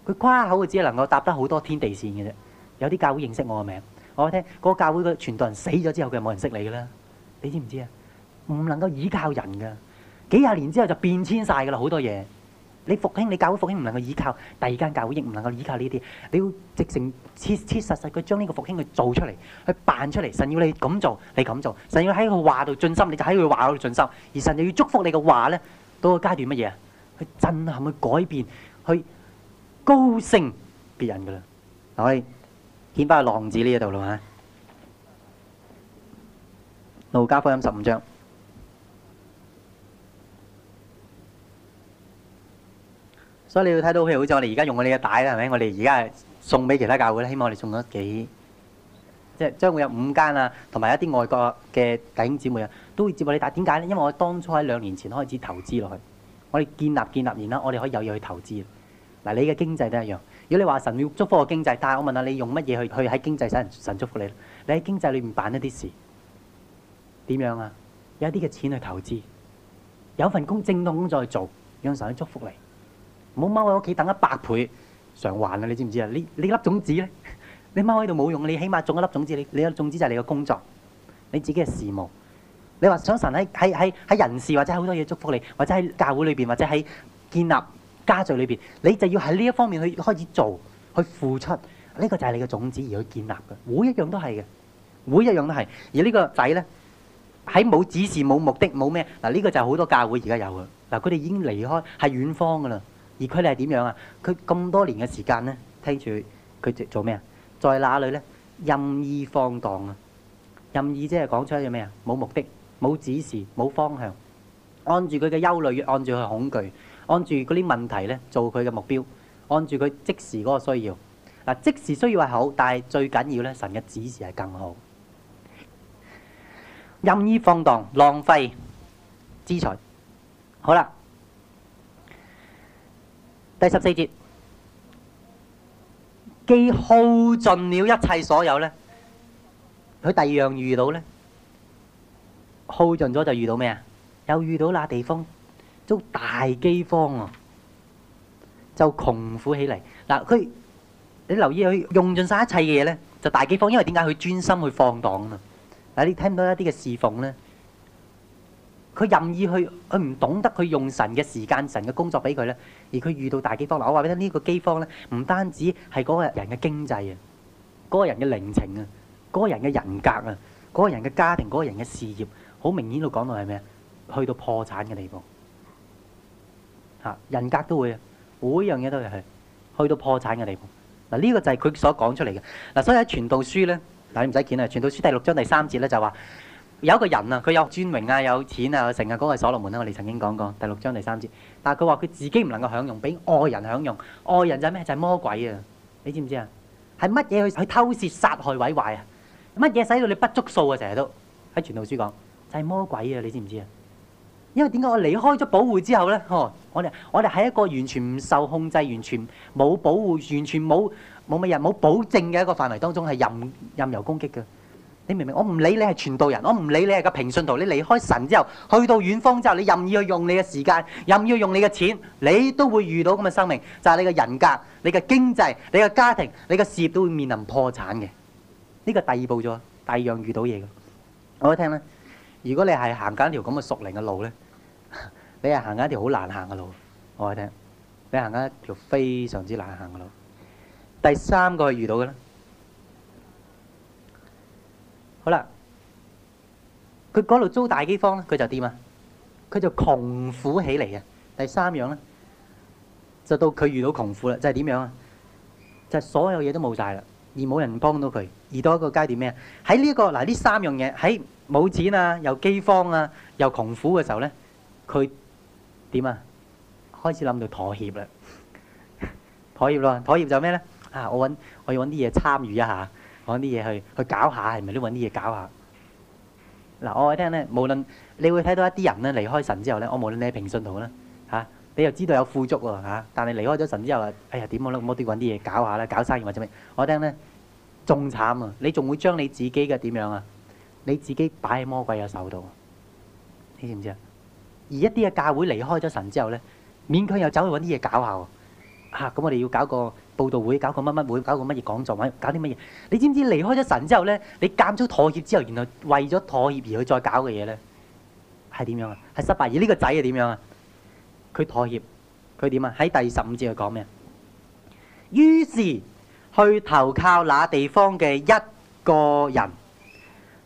S1: 佢誇口啊，啊啊只係能夠搭得好多天地線嘅啫。有啲教會認識我嘅名，我聽嗰、嗰個教會嘅傳道人死咗之後，佢冇人識你嘅啦。你知唔知啊？唔能夠倚靠人噶，幾廿年之後就變遷晒噶啦，好多嘢。你復興，你教會復興唔能夠依靠第二間教會，亦唔能夠依靠呢啲，你要直成切切實實去將呢個復興去做出嚟，去辦出嚟。神要你咁做，你咁做。神要喺佢話度盡心，你就喺佢話度盡心。而神又要祝福你嘅話咧，到個階段乜嘢？去震撼，去改變，去高升別人噶啦。可以，掀翻去浪子呢一度啦嚇。路加福音十五章。所以你要睇到，譬如好似我哋而家用咗你嘅帶啦，係咪？我哋而家係送俾其他教會啦，希望我哋送咗幾，即係將會有五間啊，同埋一啲外國嘅弟兄姊妹啊，都會接落你帶。但係點解呢？因為我當初喺兩年前開始投資落去，我哋建立建立完啦，我哋可以有嘢去投資。嗱，你嘅經濟都一樣。如果你話神要祝福我經濟，但係我問下你用乜嘢去去喺經濟上神祝福你？你喺經濟裏面辦一啲事，點樣啊？有一啲嘅錢去投資，有份工正當工作去做，讓神去祝福你。唔好踎喺屋企等一百倍償還啊！你知唔知啊？你你粒種子咧，你踎喺度冇用。你起碼種一粒種子。你你粒種子就係你嘅工作，你自己嘅事務。你話想神喺喺喺喺人事或者好多嘢祝福你，或者喺教會裏邊，或者喺建立家墜裏邊，你就要喺呢一方面去開始做，去付出。呢、這個就係你嘅種子而去建立嘅。每一樣都係嘅，每一樣都係。而呢個仔咧喺冇指示、冇目的、冇咩嗱？呢、這個就係好多教會而家有嘅嗱。佢哋已經離開係遠方嘅啦。而佢哋係點樣啊？佢咁多年嘅時間咧，聽住佢做做咩啊？在哪裏咧？任意放蕩啊！任意即係講出咗咩啊？冇目的、冇指示、冇方向，按住佢嘅憂慮，按住佢嘅恐懼，按住嗰啲問題咧做佢嘅目標，按住佢即時嗰個需要。嗱，即時需要係好，但係最緊要咧，神嘅指示係更好。任意放蕩、浪費資財。好啦。第十四節，既耗盡了一切所有咧，佢第二樣遇到咧，耗盡咗就遇到咩啊？又遇到那地方遭大饑荒喎，就窮苦起嚟嗱。佢你留意佢用盡曬一切嘅嘢咧，就大饑荒，因為點解佢專心去放蕩啊？嗱，你聽唔到一啲嘅侍奉咧。佢任意去，佢唔懂得佢用神嘅時間、神嘅工作俾佢咧。而佢遇到大饑荒，嗱，我話俾你聽，呢、這個饑荒咧，唔單止係嗰個人嘅經濟啊，嗰、那個人嘅靈情啊，嗰、那個人嘅人格啊，嗰、那個人嘅家庭，嗰、那個人嘅事業，好明顯都講到係咩？去到破產嘅地步，嚇人格都會啊，每樣嘢都係去，去到破產嘅地步。嗱、這、呢個就係佢所講出嚟嘅。嗱，所以喺傳道書咧，嗱你唔使見啊，傳道書第六章第三節咧就話。有一個人啊，佢有尊榮啊，有錢啊，有成日嗰、那個所羅門咧、啊，我哋曾經講過第六章第三節。但係佢話佢自己唔能夠享用，俾外人享用。外人就係咩？就係、是、魔鬼啊！你知唔知啊？係乜嘢去去偷竊、殺害、毀壞啊？乜嘢使到你不足數啊？成日都喺傳道書講，就係、是、魔鬼啊！你知唔知啊？因為點解我離開咗保護之後呢？哦，我哋我哋喺一個完全唔受控制、完全冇保護、完全冇冇乜人、冇保證嘅一個範圍當中係任任由攻擊嘅。你明唔明？我唔理你係傳道人，我唔理你係個平信徒，你離開神之後，去到遠方之後，你任意去用你嘅時間，任意去用你嘅錢，你都會遇到咁嘅生命，就係你嘅人格、你嘅經濟、你嘅家庭、你嘅事業都會面臨破產嘅。呢個第二步咗，第二樣遇到嘢嘅。我聽咧，如果你係行緊一條咁嘅熟齡嘅路咧，你係行緊一條好難行嘅路。我聽，你係行緊一條非常之難行嘅路。第三個係遇到嘅咧。好啦，佢嗰度租大饑荒咧，佢就點啊？佢就窮苦起嚟啊！第三樣咧，就到佢遇到窮苦啦，就係、係、點樣啊？就係、所有嘢都冇晒啦，而冇人幫到佢，而到一個階段咩啊？喺呢、呢個嗱，呢三樣嘢喺冇錢啊、又饑荒啊、又窮苦嘅時候咧，佢點啊？開始諗到妥協啦， 妥協咯，妥協就咩咧？啊，我揾我要揾啲嘢參與一下。揾啲嘢去去搞下，係咪都揾啲嘢搞下？嗱、啊，我聽咧，無論你會睇到一啲人咧離開神之後咧，我無論你喺平信徒咧嚇、啊，你又知道有富足喎，但係離開咗神之後啊，哎呀點冇得咁多啲揾啲嘢搞下啦，搞生意或者咩？我聽咧仲慘啊，你仲會將你自己嘅點樣啊？你自己擺喺魔鬼嘅手度，你知唔知啊？而一啲嘅教會離開咗神之後咧，勉強又走去揾啲嘢搞下喎嚇，咁、啊、我哋要搞個。報道會搞個乜乜會，搞個乜嘢講座，玩搞啲乜嘢？你知唔知離開咗神之後咧，你揀咗妥協之後，然後為咗妥協而去再搞嘅嘢咧，係點樣啊？係失敗。而、這、呢個仔係點樣啊？佢妥協，佢點啊？喺第十五節佢講咩？於是去投靠那地方嘅一個人。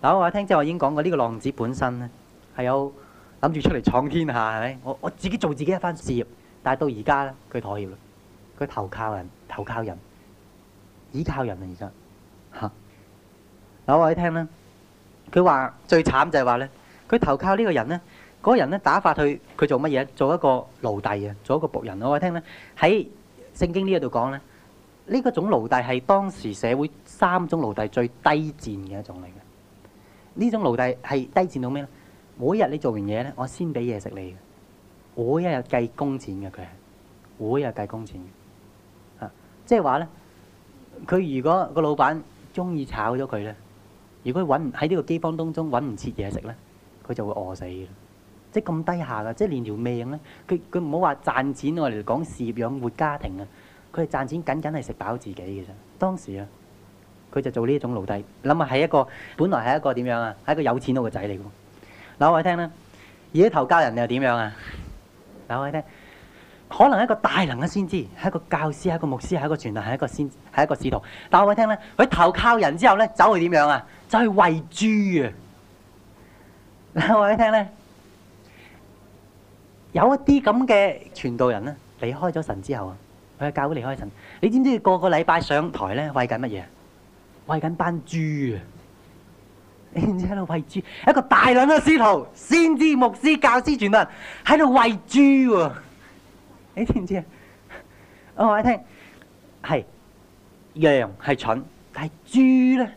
S1: 嗱，我一聽即係我已經講過，呢、這個浪子本身咧係有諗住出嚟闖天下，係咪？我我自己做自己一番事業，但係到而家咧，佢妥協啦。佢投靠人，投靠人，倚靠人啊！而家嚇，嗱，我話你聽咧。佢話最慘就係話咧，佢投靠呢個人咧，嗰人咧打發佢，佢做乜嘢？做一個奴隸啊，做一個僕人。我話聽咧，喺聖經呢一度講咧，呢個種奴隸係當時社會三種奴隸最低賤嘅一種嚟嘅。呢種奴隸係低賤到咩咧？每一日你做完嘢咧，我先俾嘢食你。每一日計工錢嘅佢係，每一日計工錢。即係話咧，佢如果個老闆中意炒咗佢咧，如果揾唔喺呢個饑荒當中揾唔切嘢食咧，佢就會餓死嘅。即係咁低下噶，即係連條命咧，佢佢唔好話賺錢，我哋講事業養活家庭啊，佢係賺錢僅僅係食飽自己嘅啫。當時啊，佢就做呢一種奴隸，諗下係一個本來係一個點樣啊，係一個有錢佬嘅仔嚟嘅。嗱，我哋聽咧，而家頭家人又點樣啊？嗱，我哋聽。可能一個大能嘅先知，係一個教師，係一個牧師，係一個傳道，係一個先，係一個使徒。但係我話你聽咧，佢投靠人之後咧，走去點樣啊？走去餵豬啊！我話你聽咧，有一啲咁嘅傳道人咧，離開咗神之後啊，佢嘅教會離開神。你知唔知個個禮拜上台咧餵緊乜嘢？餵緊班豬啊！你知唔知喺度餵豬？一個大能嘅使徒、先知、牧師、教師、傳道，喺度餵豬喎！你知唔知啊？我話你聽，係羊係蠢，但係豬咧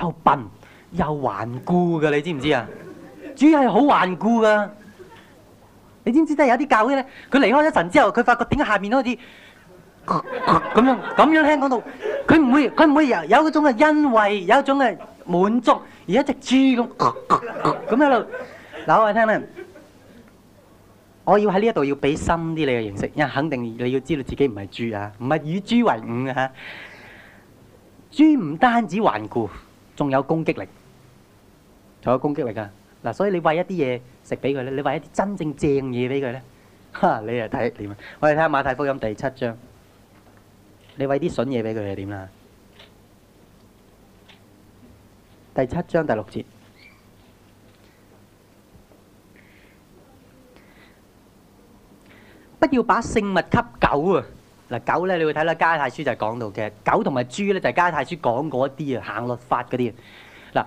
S1: 又笨又頑固噶，你知唔知啊？豬係好頑固噶。你知唔知真係有啲教嗰啲咧？佢離開咗神之後，佢發覺點解下面好似咁樣咁樣聽講到，佢唔會佢唔會有有一種嘅欣慰，有一種嘅滿足，而一隻豬咁咁喺度。嗱，我話你聽咧。我要喺呢一度要俾深啲你嘅認識，因為肯定你要知道自己唔係豬啊，唔係以豬為伍啊。嚇。豬唔單止頑固，仲有攻擊力，仲有攻擊力㗎。嗱，所以你餵一啲嘢食俾佢咧，你餵一啲真正正嘢俾佢咧，嚇你係睇點？我哋睇下馬太福音第七章，你餵啲筍嘢俾佢係點啊？第七章第六節。不要把聖物給狗啊！嗱，狗咧，你會睇啦，《加拉太書》就講到嘅，狗同埋豬咧，就係《加拉太書》講嗰啲啊，行律法嗰啲啊。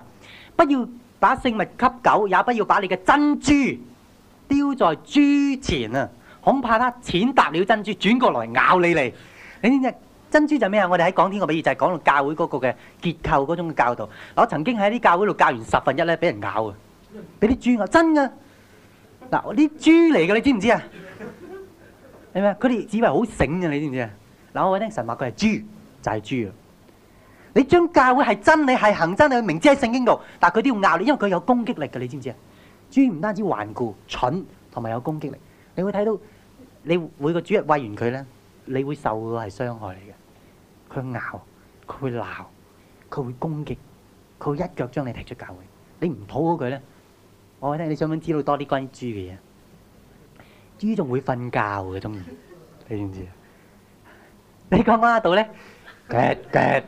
S1: 嗱，不要把聖物給狗，也不要把你嘅珍珠丟在豬前啊！恐怕它踐踏了珍珠，轉過來咬你嚟。你知唔知？珍珠就係咩啊？我哋喺講天國比喻，就係講到教會嗰個嘅結構嗰種嘅教導。我曾經喺啲教會度教完十分一咧，俾人咬啊！俾啲豬咬，真噶！嗱，我啲豬嚟噶，你知唔知啊？佢哋只係好醒嘅，你知唔知啊？嗱，我話你聽，神話佢係豬，就係、是、豬啊！你將教會係真理係行真理，明知係聖經度，但係佢都要咬你，因為佢有攻擊力嘅，你知唔知啊？豬唔單止頑固、蠢同埋有攻擊力，你會睇到你每個主日餵完佢咧，你會受係傷害你嘅。佢咬，佢會鬧，佢會攻擊，佢會一腳將你踢出教會。你唔討好佢咧，我話你聽，你想唔想知道多啲關於豬嘅嘢？豬仲會瞓覺嘅，中意，你知唔知啊？你講講下度咧？嘜嘜，嘜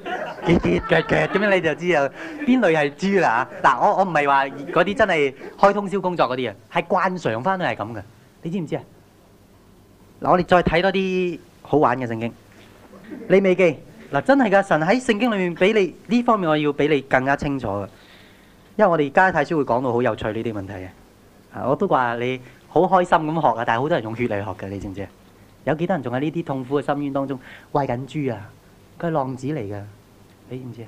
S1: 嘜，嘜嘜，咁樣你就知啊！邊類係豬啦嚇？嗱，我我唔係話嗰啲真係開通宵工作嗰啲啊，係慣常翻都係咁嘅。你知唔知啊？嗱，我哋再睇多啲好玩嘅聖經。你未記嗱？真係噶，神喺聖經裏面俾你呢方面，我要俾你更加清楚嘅。因為我哋而家太少會講到好有趣呢啲問題嘅。啊，我都話你。好開心咁學啊！但係好多人用血嚟學嘅，你知唔知？有幾多人仲喺呢啲痛苦嘅深淵當中餵緊豬啊？佢係浪子嚟㗎，你知唔知啊？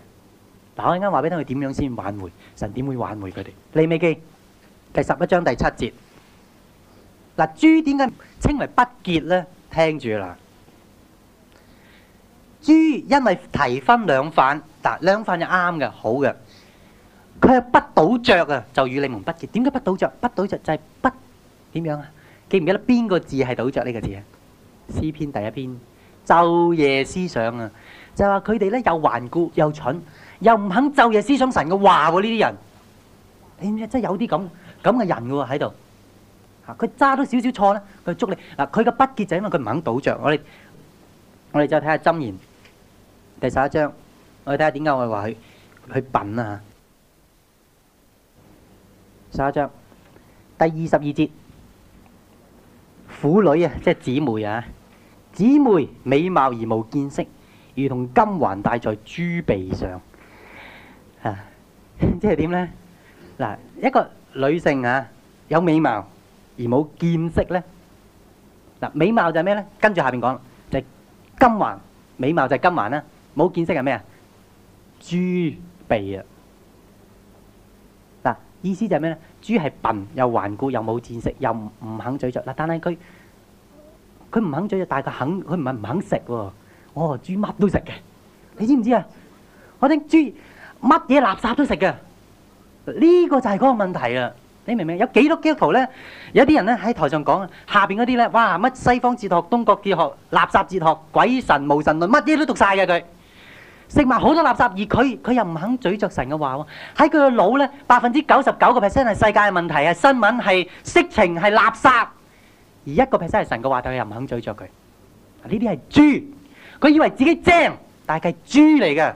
S1: 嗱，我陣間話俾你聽，佢點樣先挽回？神點會挽回佢哋？利未記第十一章第七節嗱，豬點解稱為不潔咧？聽住啦，豬因為蹄分兩瓣嗱，兩瓣就啱嘅，好嘅，佢係不倒嚼啊，就與你們不潔。點解不倒嚼？不倒嚼就係不。點樣啊？記唔記得邊個字係倒着呢個字啊？詩篇第一篇，晝夜思想啊，就係話佢哋咧又頑固又蠢，又唔肯晝夜思想神嘅話。呢啲人，你咩真係有啲咁咁嘅人嘅喎喺度吓？佢揸多少少錯咧，佢捉你嗱。佢嘅筆結就因為佢唔肯倒着。我哋我哋就睇下箴言，第十一章，我哋睇下點解我哋話佢佢笨啊吓。十一章第二十二節。婦女啊，即係姊妹啊，姊妹美貌而無見識，如同金環戴在豬鼻上。吓，即係點咧？嗱，一個女性啊，有美貌而冇見識咧。嗱，美貌就係咩咧？跟住下邊講，就係金環。美貌就係金環啦，冇見識係咩啊？豬鼻啊。嗱，意思就係咩咧？豬係笨，又頑固，又冇知識，又唔唔肯咀嚼。嗱，但係佢佢唔肯咀嚼，但係佢肯，佢唔係唔肯食喎。哦，豬乜都食嘅，你知唔知啊？我啲豬乜嘢垃圾都食嘅，呢個就係嗰個問題啦。你明唔明？有幾多基督徒咧？有啲人咧喺台上講，下邊嗰啲咧哇乜西方哲學、東國哲學、垃圾哲學、鬼神無神論乜嘢都讀曬嘅佢。食埋好多垃圾，而佢佢又唔肯咀嚼神嘅話喎。喺佢個腦咧，百分之九十九個 percent 係世界嘅問題，係新聞，係色情，係垃圾，而一個 percent 係神嘅話，但佢又唔肯咀嚼佢。呢啲係豬，佢以為自己精，但係係豬嚟嘅。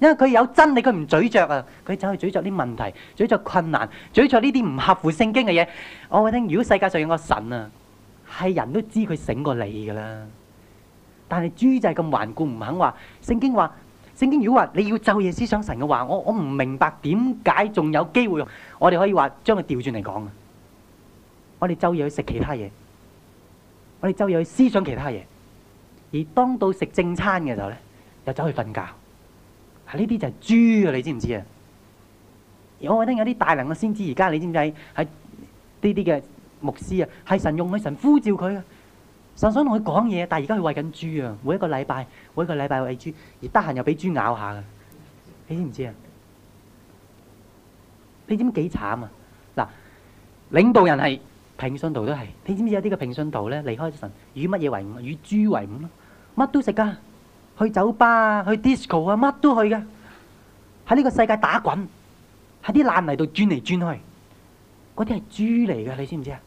S1: 因為佢有真理，佢唔咀嚼啊，佢走去咀嚼啲問題，咀嚼困難，咀嚼呢啲唔合乎聖經嘅嘢。我話你聽，如果世界上有個神啊，係人都知佢醒過你噶啦，但係豬就係咁頑固，唔肯話。聖經話。聖經如果話你要晝夜思想神嘅話，我我唔明白點解仲有機會用？我哋可以話將佢調轉嚟講啊！我哋晝夜去食其他嘢，我哋晝夜去思想其他嘢，而當到食正餐嘅時候咧，又走去瞓覺。係呢啲就係豬啊！你知唔知啊？而我覺得有啲大能嘅先知，而家你知唔知係呢啲嘅牧師啊？係神用佢神呼召佢啊！神想同佢講嘢，但係而家佢餵緊豬啊！每一個禮拜，每一個禮拜餵豬，而得閒又俾豬咬下嘅，你知唔知啊？你知唔知幾慘啊？嗱，領導人係平信徒都係，你知唔知有啲嘅平信徒咧離開咗神，以乜嘢為伍？以豬為伍咯，乜都食噶，去酒吧啊，去 disco 啊，乜都去噶，喺呢個世界打滾，喺啲爛泥度轉嚟轉去，嗰啲係豬嚟噶，你知唔知啊？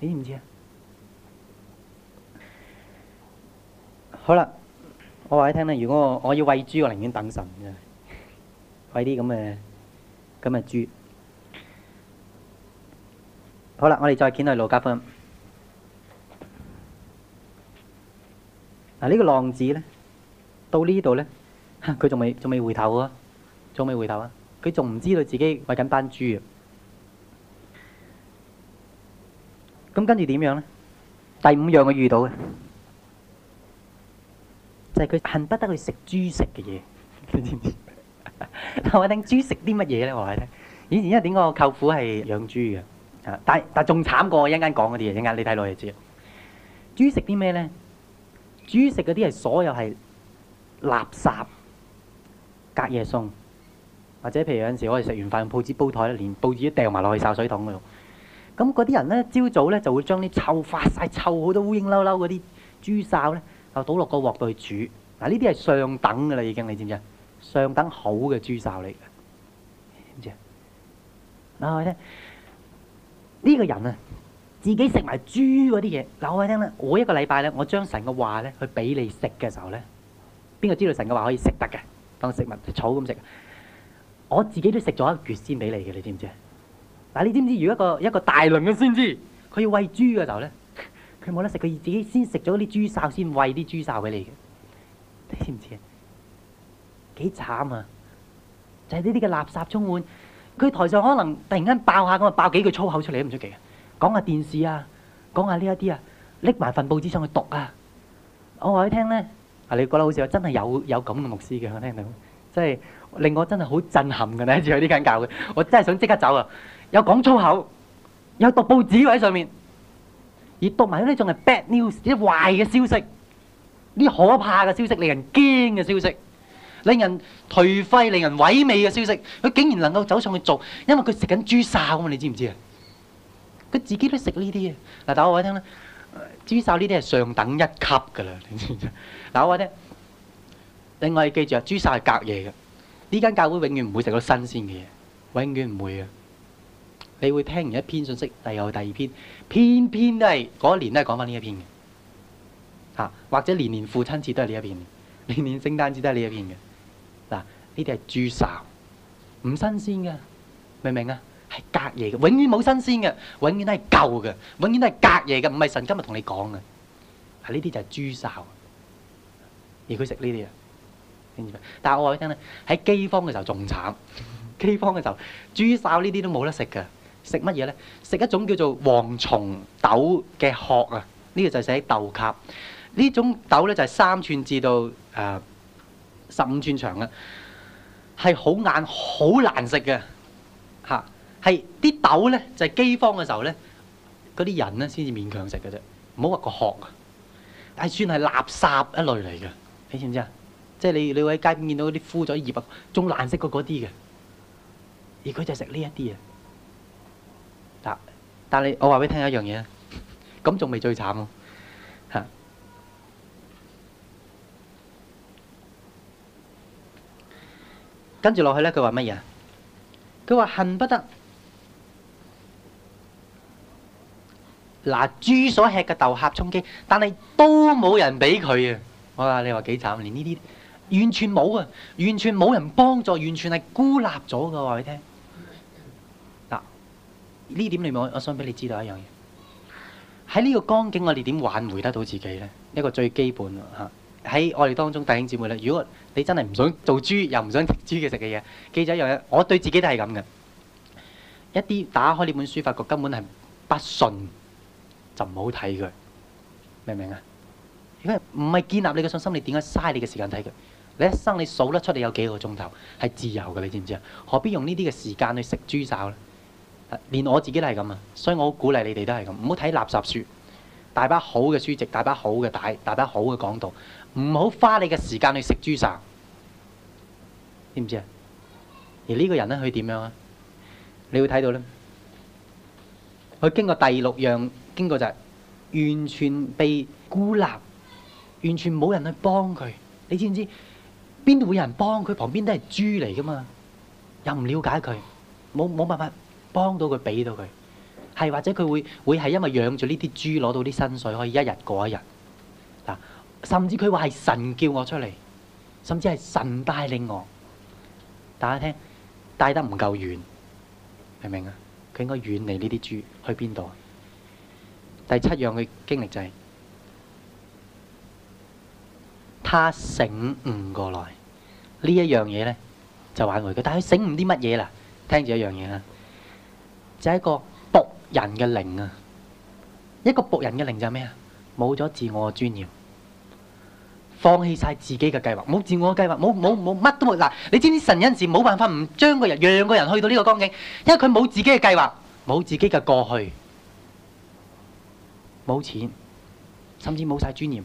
S1: 你知唔知啊？好啦，我話你聽啦，如果我我要餵豬，我寧願等神，餵啲咁嘅咁嘅豬。好啦，我哋再揭去路加福音。嗱，呢個浪子咧，到呢度咧，佢仲未仲未回頭啊，仲未回頭啊，佢仲唔知道自己餵緊班豬啊。咁跟住點樣咧？第五樣佢遇到嘅。就係佢恨不得去食豬食嘅嘢，你知唔知？我話：頂豬食啲乜嘢咧？我話你聽。以前因為點解？我舅父係養豬嘅，啊！但但仲慘過一間講嗰啲嘢，一間你睇落就知。豬食啲咩咧？豬食嗰啲係所有係垃圾、隔夜餸，或者譬如有陣時我哋食完飯，用報紙煲台咧，連報紙都掉埋落去潲水桶嗰度。咁嗰啲人咧，朝早咧就會將啲臭發曬、臭好多烏蠅溜溜嗰啲豬潲咧。就倒落個鑊度去煮，嗱，呢啲係上等嘅啦，已經你知唔知啊？上等好嘅豬潲嚟，嘅，知唔知啊？嗱，我哋聽呢個人啊，自己食埋豬嗰啲嘢。嗱，我哋聽啦，我一個禮拜咧，我將神嘅話咧去俾你食嘅時候咧，邊個知道神嘅話可以食得嘅？當食物草咁食，我自己都食咗一橛先俾你嘅，你知唔知啊？嗱，你知唔知如果一個一個大輪嘅先知，佢要餵豬嘅時候咧？佢冇得食，佢自己先食咗啲豬哨，先喂啲豬哨俾你嘅。你知唔知啊？幾慘啊！就係呢啲嘅垃圾充滿。佢台上可能突然間爆下咁啊，爆幾句粗口出嚟都唔出奇。講下電視啊，講下呢一啲啊，拎埋份報紙上去讀啊。我話你聽咧，啊你覺得好似真係有有咁嘅牧師嘅，我聽到，即係令我真係好震撼嘅。第一次喺呢間教會，我真係想即刻走啊！有講粗口，有讀報紙喎喺上面。而讀埋嗰啲仲係 bad news，啲壞嘅消息，啲可怕嘅消息，令人驚嘅消息，令人頹廢、令人萎靡嘅消息，佢竟然能夠走上去做，因為佢食緊豬潲啊嘛！你知唔知啊？佢自己都食呢啲啊！嗱，打我話聽啦，豬潲呢啲係上等一級噶啦，你知唔知啊？打我話聽，另外記住啊，豬潲係隔夜嘅，呢間教會永遠唔會食到新鮮嘅嘢，永遠唔會啊！你會聽完一篇信息，第又第二篇，篇篇都係嗰一年都係講翻呢一篇嘅，吓或者年年父親節都係呢一篇嘅，年年聖誕節都係呢一篇嘅。嗱呢啲係豬潲，唔新鮮㗎，明唔明啊？係隔夜嘅，永遠冇新鮮嘅，永遠都係舊嘅，永遠都係隔夜嘅，唔係神今日同你講嘅。嗱呢啲就係豬潲，而佢食呢啲啊。明白？但係我話你聽啦，喺饑荒嘅時候仲慘，饑荒嘅時候豬潲呢啲都冇得食㗎。食乜嘢咧？食一種叫做蝗蟲豆嘅殼啊！呢個就係寫豆夾。呢種豆咧就係三寸至到誒十五寸長嘅，係好硬、好難食嘅吓？係啲豆咧就係饑荒嘅時候咧，嗰啲人咧先至勉強食嘅啫。唔好話個殼啊，但係算係垃圾一類嚟嘅。你知唔知啊？即係你你喺街邊見到啲枯咗葉、仲難食過嗰嗰啲嘅，而佢就食呢一啲啊。但係我話俾你聽有一樣嘢，咁仲未最慘喎，嚇！跟住落去呢，佢話乜嘢？佢話恨不得嗱豬所吃嘅豆莢充飢，但係都冇人俾佢啊！哇！你話幾慘？連呢啲完全冇啊，完全冇人幫助，完全係孤立咗嘅喎！話你聽。呢點你我我想俾你知道一樣嘢，喺呢個光景我哋點挽回得到自己呢？一個最基本啊！喺我哋當中弟兄姊妹咧，如果你真係唔想做豬，又唔想食豬嘅食嘅嘢，記住一樣嘢，我對自己都係咁嘅。一啲打開呢本書，發覺根本係不信，就唔好睇佢，明唔明啊？如果唔係建立你嘅信心，你點解嘥你嘅時間睇佢？你一生你數得出你有幾個鐘頭係自由嘅？你知唔知啊？何必用呢啲嘅時間去食豬爪呢？連我自己都係咁啊，所以我好鼓勵你哋都係咁，唔好睇垃圾書，大把好嘅書籍，大把好嘅帶，大把好嘅講道，唔好花你嘅時間去食豬雜，知唔知啊？而呢個人咧，佢點樣啊？你會睇到咧，佢經過第六樣，經過就係、是、完全被孤立，完全冇人去幫佢。你知唔知邊度會有人幫佢？旁邊都係豬嚟噶嘛，又唔了解佢，冇冇辦法。幫到佢，俾到佢，係或者佢會會係因為養住呢啲豬攞到啲薪水，可以一日過一日嗱。甚至佢話係神叫我出嚟，甚至係神帶領我。大家聽帶得唔夠遠，明唔明啊？佢應該遠離呢啲豬，去邊度啊？第七樣嘅經歷就係他醒悟過來呢一樣嘢咧，就挽回佢，但係佢醒悟啲乜嘢啦？聽住一樣嘢啦。就係一個僕人嘅靈啊！一個僕人嘅靈就係咩啊？冇咗自我嘅尊嚴，放棄曬自己嘅計劃，冇自我嘅計劃，冇冇冇乜都冇嗱！你知唔知神有陣時冇辦法唔將個人讓個人去到呢個光景，因為佢冇自己嘅計劃，冇自己嘅過去，冇錢，甚至冇曬尊嚴。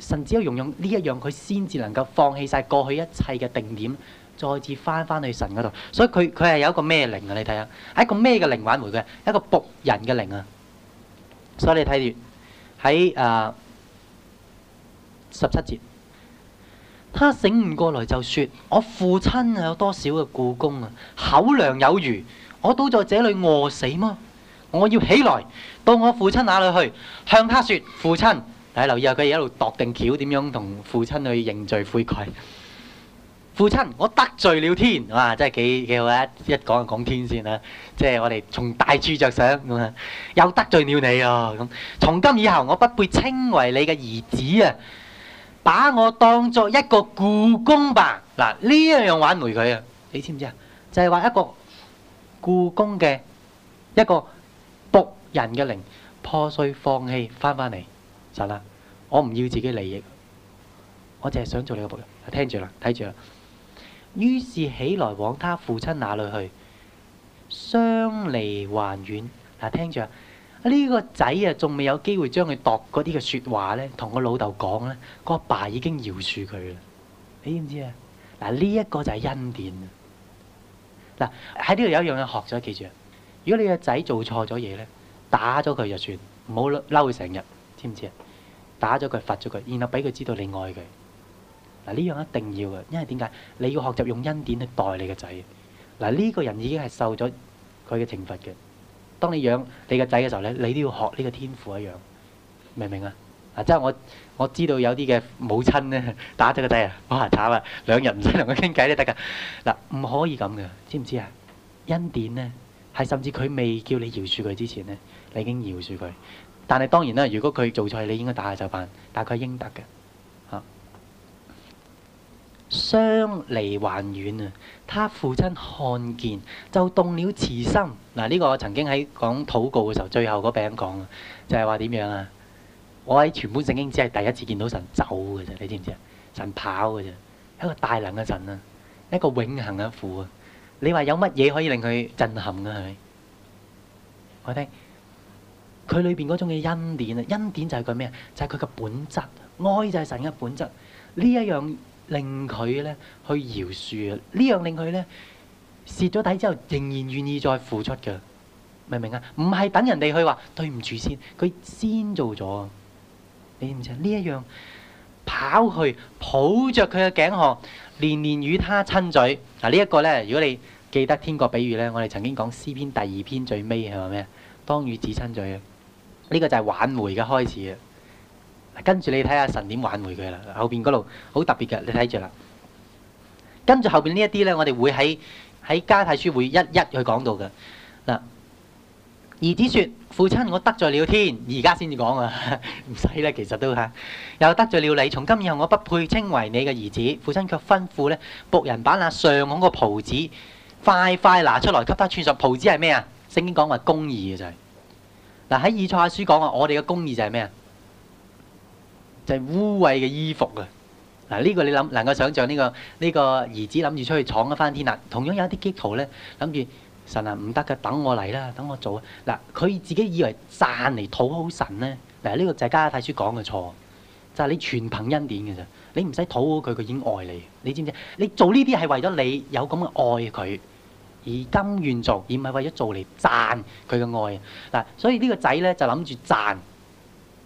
S1: 神只有用用呢一樣，佢先至能夠放棄曬過去一切嘅定點。再次返返去神嗰度，所以佢佢係有一個咩靈啊？你睇下，係一個咩嘅靈挽回佢？一個僕人嘅靈啊！所以你睇住喺誒十七節，他醒唔過來就説：我父親有多少嘅雇工啊？口糧有餘，我都在這裡餓死嗎？我要起來到我父親那裡去，向他説：父親，係留意下佢一路度定橋點樣同父親去認罪悔改。父親，我得罪了天，哇！真係幾幾好啊！一講就講天先啦，即係我哋從大處着想咁，又得罪了你啊！咁，從今以後我不配稱為你嘅兒子啊，把我當作一個故宮吧。嗱，呢一樣挽回佢啊，你知唔知啊？就係話一個故宮嘅一個僕人嘅靈破碎放棄翻翻嚟，神啊！我唔要自己利益，我淨係想做你嘅僕人。聽住啦，睇住啦。於是起來往他父親那裏去，相離還遠。嗱，聽住啊，呢個仔啊，仲未有機會將佢度嗰啲嘅説話咧，同個老豆講咧，個阿爸已經饒恕佢啦。你知唔知啊？嗱，呢一個就係恩典啊！嗱，喺呢度有一樣嘢學咗，記住啊！如果你個仔做錯咗嘢咧，打咗佢就算，唔好嬲佢成日，知唔知啊？打咗佢，罰咗佢，然後俾佢知道你愛佢。嗱，呢樣一定要嘅，因為點解你要學習用恩典去代你個仔？嗱呢個人已經係受咗佢嘅懲罰嘅。當你養你個仔嘅時候咧，你都要學呢個天父一樣，明唔明啊？嗱、就是，即係我我知道有啲嘅母親咧，打咗個仔啊，哇慘啊！兩日唔使同佢傾偈都得㗎。嗱，唔可以咁嘅，知唔知啊？恩典咧係甚至佢未叫你饒恕佢之前咧，你已經饒恕佢。但係當然啦，如果佢做錯，你應該打下就打，但係佢係應得嘅。相離還遠啊！他父親看見就動了慈心。嗱、啊，呢、這個我曾經喺講禱告嘅時候，最後嗰餅講就係話點樣啊？我喺全本聖經只係第一次見到神走嘅啫，你知唔知啊？神跑嘅啫，一個大能嘅神啊，一個永恆嘅父啊！你話有乜嘢可以令佢震撼啊？係咪？我聽佢裏邊嗰種嘅恩典啊，恩典就係佢咩？就係佢嘅本質，愛就係神嘅本質，呢一樣。令佢咧去饒恕啊！呢樣令佢咧蝕咗底之後，仍然願意再付出嘅，明唔明啊？唔係等人哋去話對唔住先，佢先做咗。你唔知呢一樣跑去抱着佢嘅頸項，連連與他親嘴。嗱、啊，這個、呢一個咧，如果你記得天國比喻咧，我哋曾經講詩篇第二篇最尾係話咩？當與子親嘴啊！呢、這個就係挽回嘅開始啊！跟住你睇下神點挽回佢啦，後面嗰度好特別嘅，你睇住啦。跟住後面呢一啲呢，我哋會喺喺家泰書會一一去講到嘅。嗱，兒子說：「父親，我得罪了天，而家先至講啊，唔使啦，其實都吓又、啊、得罪了你，從今以後我不配稱為你嘅兒子。父親卻吩咐呢僕人把那上好嘅袍子快快拿出來給他穿上。袍子係咩啊？聖經講話公義嘅就係嗱喺以賽亞書講啊，我哋嘅公義就係咩啊？就係、是、污穢嘅衣服啊！嗱，呢個你諗，能夠想像呢、這個呢、這個兒子諗住出去闖一番天啊？同樣有一啲基督徒咧，諗住神啊唔得嘅，等我嚟啦，等我做啊！嗱，佢自己以為賺嚟討好神咧、啊，嗱，呢、這個就係《加拉太書》講嘅錯，就係、是、你全憑恩典嘅啫，你唔使討好佢，佢已經愛你。你知唔知？你做呢啲係為咗你有咁嘅愛佢，而甘願做，而唔係為咗做嚟賺佢嘅愛啊！嗱，所以個呢個仔咧就諗住賺，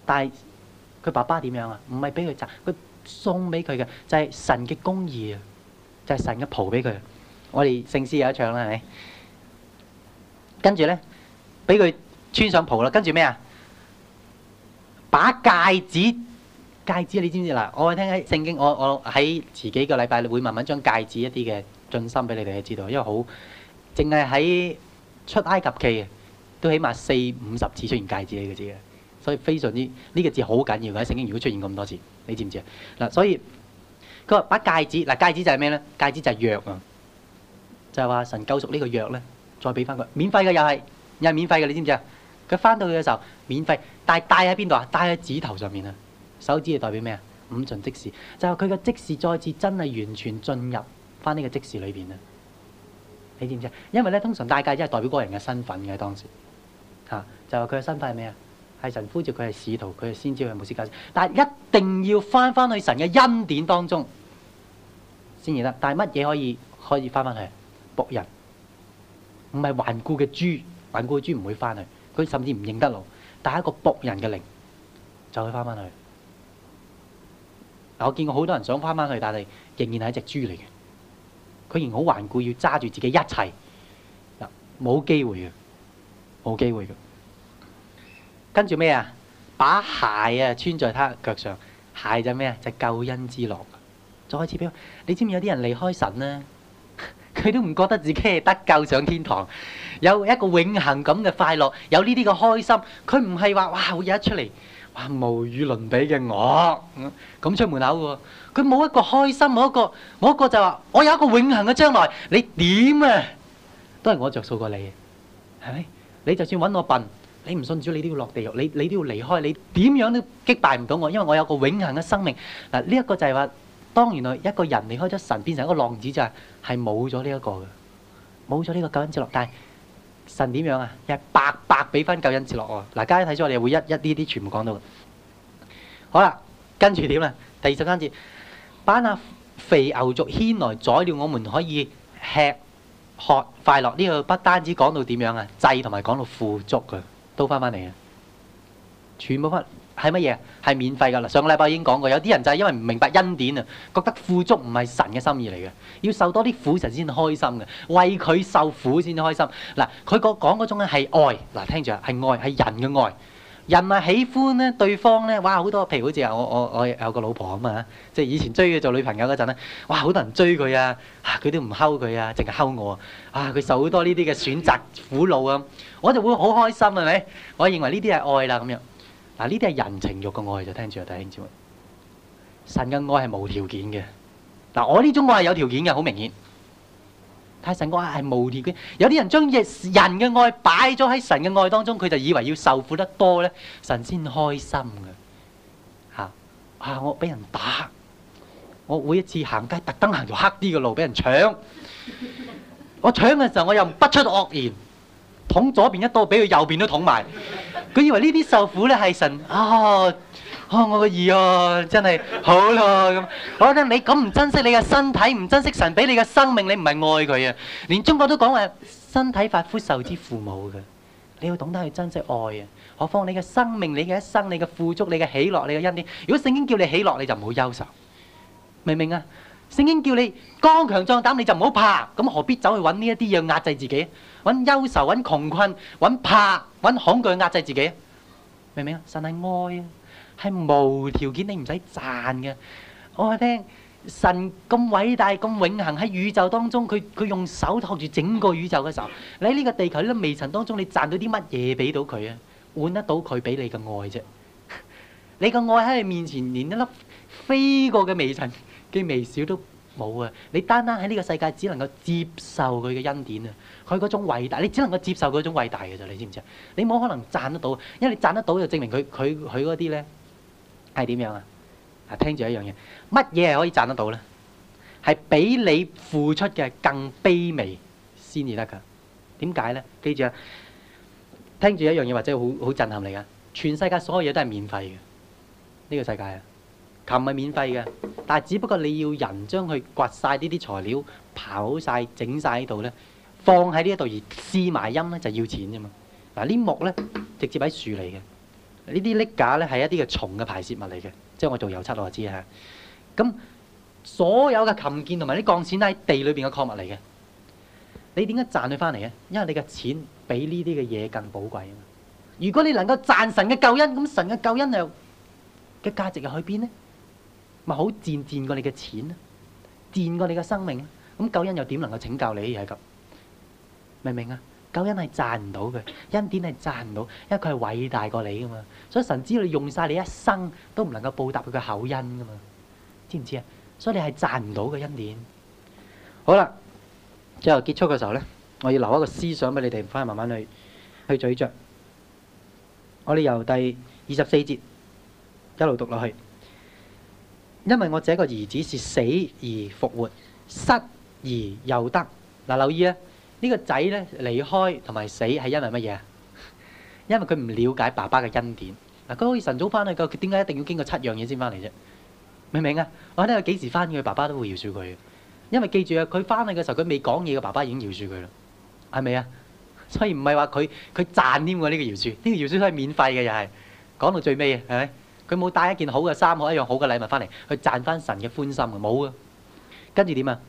S1: 但係。佢爸爸點樣啊？唔係俾佢賺，佢送俾佢嘅就係神嘅公義啊，就係神嘅袍俾佢。我哋聖詩有得唱啦，係咪？跟住咧，俾佢穿上袍啦。跟住咩啊？把戒指、戒指，你知唔知嗱？我聽喺聖經，我我喺遲幾個禮拜會慢慢將戒指一啲嘅進深俾你哋知道，因為好淨係喺出埃及記啊，都起碼四五十次出現戒指，你都知嘅。所以非常之呢、呢個字好緊要嘅喺聖經，如果出現咁多次，你知唔知啊？嗱，所以佢話把戒指，嗱戒指就係咩咧？戒指就係約啊，就係、是、話神救贖呢個約咧，再俾翻佢免費嘅又係又係免費嘅，你知唔知啊？佢翻到去嘅時候免費，但係戴喺邊度啊？戴喺指頭上面啊，手指係代表咩啊？五旬即時就係佢嘅即時，即時再次真係完全進入翻呢個即時裏邊啊！你知唔知啊？因為咧，通常戴戒指係代表嗰個人嘅身份嘅當時嚇，就話佢嘅身份係咩啊？係神呼召佢係使徒，佢係先知，佢係牧師教士，但係一定要翻翻去神嘅恩典當中先至得。但係乜嘢可以可以翻翻去？僕人唔係頑固嘅豬，頑固嘅豬唔會翻去，佢甚至唔認得路。但係一個僕人嘅靈就可以翻翻去。嗱，我見過好多人想翻翻去，但係仍然係一隻豬嚟嘅，佢仍然好頑固，要揸住自己一切嗱，冇機會嘅，冇機會嘅。跟住咩啊？把鞋啊穿在他腳上，鞋就咩啊？就係救恩之樂。再開始俾你知，唔知有啲人離開神呢，佢都唔覺得自己係得救上天堂，有一個永恆咁嘅快樂，有呢啲嘅開心，佢唔係話哇，會有一出嚟，哇，無與倫比嘅，我咁出門口喎，佢冇一個開心，冇一個，冇一個就話我有一個永恆嘅將來。你點啊？都係我着數過你，係咪？你就算揾我笨。你唔信主，你都要落地獄，你你都要離開。你點樣都擊敗唔到我，因為我有個永恆嘅生命嗱。呢一個就係話，當原來一個人離開咗神，變成一個浪子，就係係冇咗呢一個嘅，冇咗呢個救恩之樂。但係神點樣啊？又係白白俾翻救恩之樂喎嗱。大家睇咗，我哋會一一啲啲全部講到。好啦，跟住點啊？第二十三節，把那肥牛犢牽來宰了，我們可以吃喝快樂。呢個不單止講到點樣啊，祭同埋講到富足嘅。都翻翻嚟啊！全部翻係乜嘢？係免費㗎啦！上個禮拜已經講過，有啲人就係因為唔明白恩典啊，覺得富足唔係神嘅心意嚟嘅，要受多啲苦神先開心嘅，為佢受苦先開心。嗱，佢講講嗰種咧係愛，嗱，聽住啊，係愛，係人嘅愛。人咪、啊、喜歡咧，對方咧，哇好多，譬如好似啊，我我我有個老婆咁啊，即係以前追佢做女朋友嗰陣咧，哇好多人追佢啊，佢都唔溝佢啊，淨係溝我啊，佢、啊、受好多呢啲嘅選擇苦惱啊，我就會好開心係咪？我認為呢啲係愛啦咁樣，嗱呢啲係人情慾嘅愛，就聽住啊，弟兄姊妹，神嘅愛係無條件嘅，嗱我呢種愛係有條件嘅，好明顯。神愛係、哎、無條件，有啲人將人嘅愛擺咗喺神嘅愛當中，佢就以為要受苦得多咧，神先開心嘅。嚇、啊、嚇、啊，我俾人打，我每一次行街特登行條黑啲嘅路俾人搶，我搶嘅時候我又不出惡言，捅左邊一刀，俾佢右邊都捅埋。佢以為呢啲受苦咧係神啊～哦，我個二哦，真係好咯咁。我覺得你咁唔珍惜你嘅身體，唔珍惜神俾你嘅生命，你唔係愛佢啊！連中國都講話身體發膚受之父母嘅，你要懂得去珍惜愛啊！何況你嘅生命，你嘅一生，你嘅富足，你嘅喜樂，你嘅恩典。如果聖經叫你喜樂，你就唔好憂愁，明唔明啊？聖經叫你剛強壯膽，你就唔好怕。咁何必走去揾呢一啲嘢壓制自己？揾憂愁，揾窮困，揾怕，揾恐懼壓制自己？明唔明啊？神係愛啊！係無條件，你唔使賺嘅。我話聽神咁偉大、咁永恆喺宇宙當中，佢佢用手託住整個宇宙嘅時候，你喺呢個地球呢粒微塵當中，你賺到啲乜嘢俾到佢啊？換得到佢俾你嘅愛啫？你嘅愛喺你面前，連一粒飛過嘅微塵嘅微小都冇啊！你單單喺呢個世界只能夠接受佢嘅恩典啊！佢嗰種偉大，你只能夠接受嗰種偉大嘅啫。你知唔知啊？你冇可能賺得到，因為你賺得到就證明佢佢佢嗰啲咧。係點樣啊？啊，聽住一樣嘢，乜嘢係可以賺得到呢？係比你付出嘅更卑微先至得㗎。點解呢？記住啊，聽住一樣嘢，或者好好震撼嚟㗎。全世界所有嘢都係免費嘅，呢、呢個世界啊，琴係免費嘅，但係只不過你要人將佢掘晒呢啲材料，刨晒、整晒喺度呢，放喺呢一度而黐埋音呢，就要錢啫嘛。嗱，呢木呢，直接喺樹嚟嘅。呢啲瀝甲咧係一啲嘅蟲嘅排泄物嚟嘅，即係我做油漆我就知啊。咁所有嘅礦建同埋啲鋼線都喺地裏邊嘅礦物嚟嘅，你點解賺佢翻嚟嘅？因為你嘅錢比呢啲嘅嘢更寶貴啊！如果你能夠賺神嘅救恩，咁神嘅救恩又嘅價值又去邊呢？咪好賤賤過你嘅錢咧，賤過你嘅生命咧？咁救恩又點能夠拯救你而係咁？明唔明啊？恩恩係賺唔到嘅，恩典係賺唔到，因為佢係偉大過你噶嘛，所以神知你用晒你一生都唔能夠報答佢嘅厚恩噶嘛，知唔知啊？所以你係賺唔到嘅恩典。好啦，最後結束嘅時候咧，我要留一個思想俾你哋，翻去慢慢去去咀嚼。我哋由第二十四節一路讀落去，因為我這個兒子是死而復活，失而又得。嗱，留意啊！呢個仔咧離開同埋死係因為乜嘢啊？因為佢唔了解爸爸嘅恩典。嗱，佢好似晨早翻去嘅，佢點解一定要經過七樣嘢先翻嚟啫？明唔明啊？我睇下幾時翻去，爸爸都會饒恕佢嘅。因為記住啊，佢翻去嘅時候，佢未講嘢嘅，爸爸已經饒恕佢啦，係咪啊？所以唔係話佢佢賺添喎呢個饒恕，呢個饒恕都係免費嘅又係。講到最尾啊，係咪？佢冇帶一件好嘅衫，或一樣好嘅禮物翻嚟去賺翻神嘅歡心冇啊。跟住點啊？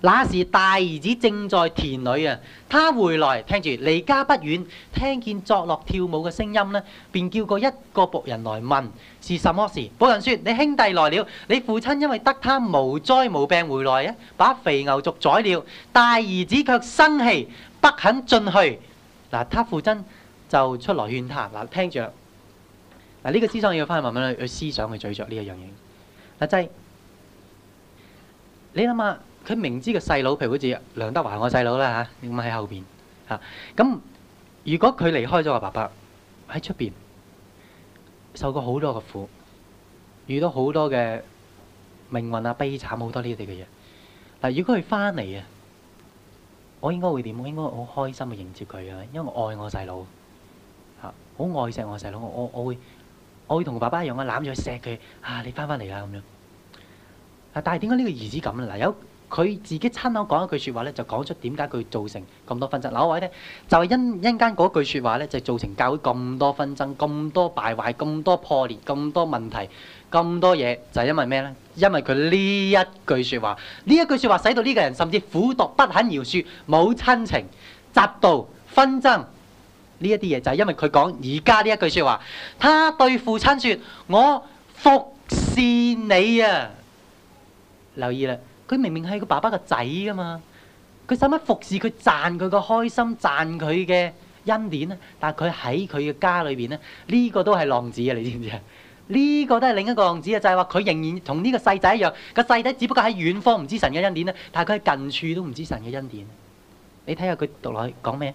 S1: 那時大兒子正在田裏啊，他回來聽住離家不遠，聽見作樂跳舞嘅聲音呢便叫過一個僕人來問是什麼事。僕人說：你兄弟來了，你父親因為得他無災無病回來啊，把肥牛犢宰了。大兒子卻生氣，不肯進去。嗱、啊，他父親就出來勸他嗱、啊，聽著嗱呢、啊這個思想要翻去慢慢去思想去咀嚼呢一樣嘢。阿、啊、仔，你諗下。佢明知個細佬譬如好似梁德華，我細佬啦嚇，咁喺後邊嚇咁。如果佢離開咗，我爸爸喺出邊受過好多嘅苦，遇到好多嘅命運啊悲慘好多呢啲嘅嘢。嗱，如果佢翻嚟啊，我應該會點？我應該好開心去迎接佢啊，因為我愛我細佬嚇，好愛錫我細佬。我我會，我會同爸爸一樣啊，攬住去錫佢啊。你翻翻嚟啦咁樣啊。但係點解呢個兒子咁啊？嗱有。佢自己親口講一句説話咧，就講出點解佢造成咁多紛爭。嗱，位呢，就係因因間嗰句説話咧，就造成教會咁多紛爭、咁多敗壞、咁多破裂、咁多問題、咁多嘢，就係因為咩呢？因為佢呢一句説話，呢一句説話使到呢個人甚至苦毒不肯饒恕、冇親情、嫉妒、紛爭呢一啲嘢，就係因為佢講而家呢一句説話。他對父親説：我服侍你啊！留意啦。佢明明係佢爸爸嘅仔啊嘛，佢使乜服侍佢賺佢個開心，賺佢嘅恩典呢？但係佢喺佢嘅家裏邊呢？呢個都係浪子啊！你知唔知啊？呢個都係另一個浪子啊！就係話佢仍然同呢個細仔一樣，個細仔只不過喺遠方唔知神嘅恩典呢，但係佢喺近處都唔知神嘅恩典。你睇下佢讀落去講咩？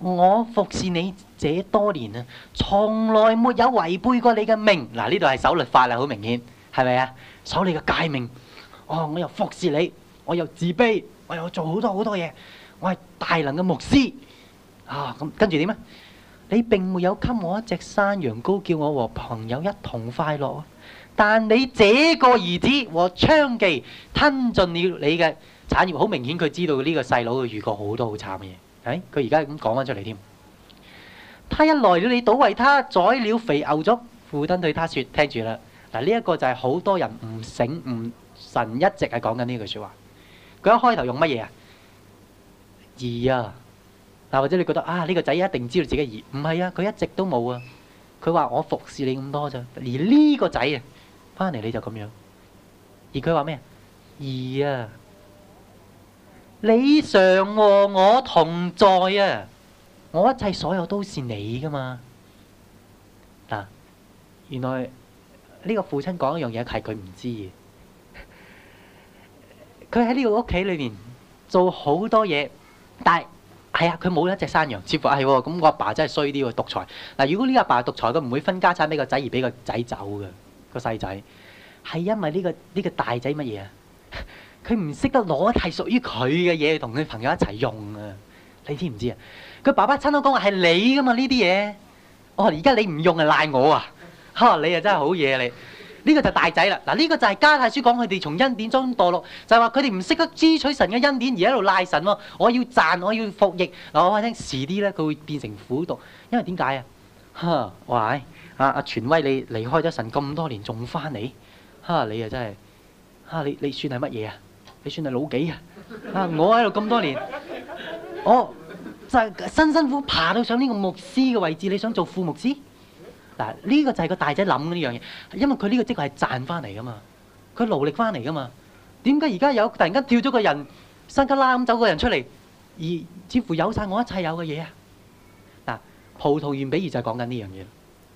S1: 我服侍你這多年啊，從來沒有違背過你嘅命嗱。呢度係守律法啊，好明顯係咪啊？守你嘅誡命，哦！我又服侍你，我又自卑，我又做好多好多嘢。我係大能嘅牧師，嚇咁跟住點啊？你並沒有給我一隻山羊羔，叫我和朋友一同快樂。但你這個兒子和娼妓吞盡了你嘅產業，好明顯佢知道呢個細佬佢遇過好多好慘嘅嘢。誒，佢而家咁講翻出嚟添。他一來了，你倒為他宰了肥牛犢。父親對他說：聽住啦。嗱，呢一個就係好多人唔醒唔神，一直係講緊呢句説話。佢一開頭用乜嘢啊？兒啊，嗱，或者你覺得啊，呢個仔一定知道自己兒，唔係啊，佢一直都冇啊。佢話我服侍你咁多咋，而呢個仔啊，翻嚟你就咁樣。而佢話咩啊？兒啊，你常和我同在啊，我一切所有都是你噶嘛。嗱、啊，原來。呢、這個父親講一樣嘢係佢唔知嘅，佢喺呢個屋企裏面做好多嘢，但係係啊，佢、哎、冇一隻山羊，似乎係喎。咁、哎、我阿爸真係衰啲喎，獨裁嗱。如果呢個阿爸獨裁，佢唔會分家產俾個仔而俾個仔走嘅個細仔，係因為呢、這個呢、這個大仔乜嘢啊？佢唔識得攞係屬於佢嘅嘢同佢朋友一齊用啊！你知唔知啊？佢爸爸親口講話係你噶嘛，呢啲嘢，我而家你唔用啊賴我啊！哈、啊！你啊真係好嘢你，呢個就是大仔啦。嗱、啊，呢、這個就係加拉太書講佢哋從恩典中墮落，就係話佢哋唔識得支取神嘅恩典而喺度賴神喎、哦。我要賺，我要服役。嗱、啊，我話聽遲啲咧，佢會變成苦毒，因為點解啊？哈！喂、啊，阿阿權威，你離開咗神咁多年，仲翻嚟？哈！你啊真係，哈！你你算係乜嘢啊？你，是啊你，你算係老幾啊？啊！我喺度咁多年，我、 哦、就是、辛辛苦苦爬到上呢個牧師嘅位置，你想做副牧師？嗱，呢個就係個大仔諗呢樣嘢，因為佢呢個即係係賺翻嚟噶嘛，佢勞力翻嚟噶嘛，點解而家有突然間跳咗個人，山卡拉咁走個人出嚟，而似乎有晒我一切有嘅嘢啊？嗱，葡萄園比喻就係講緊呢樣嘢，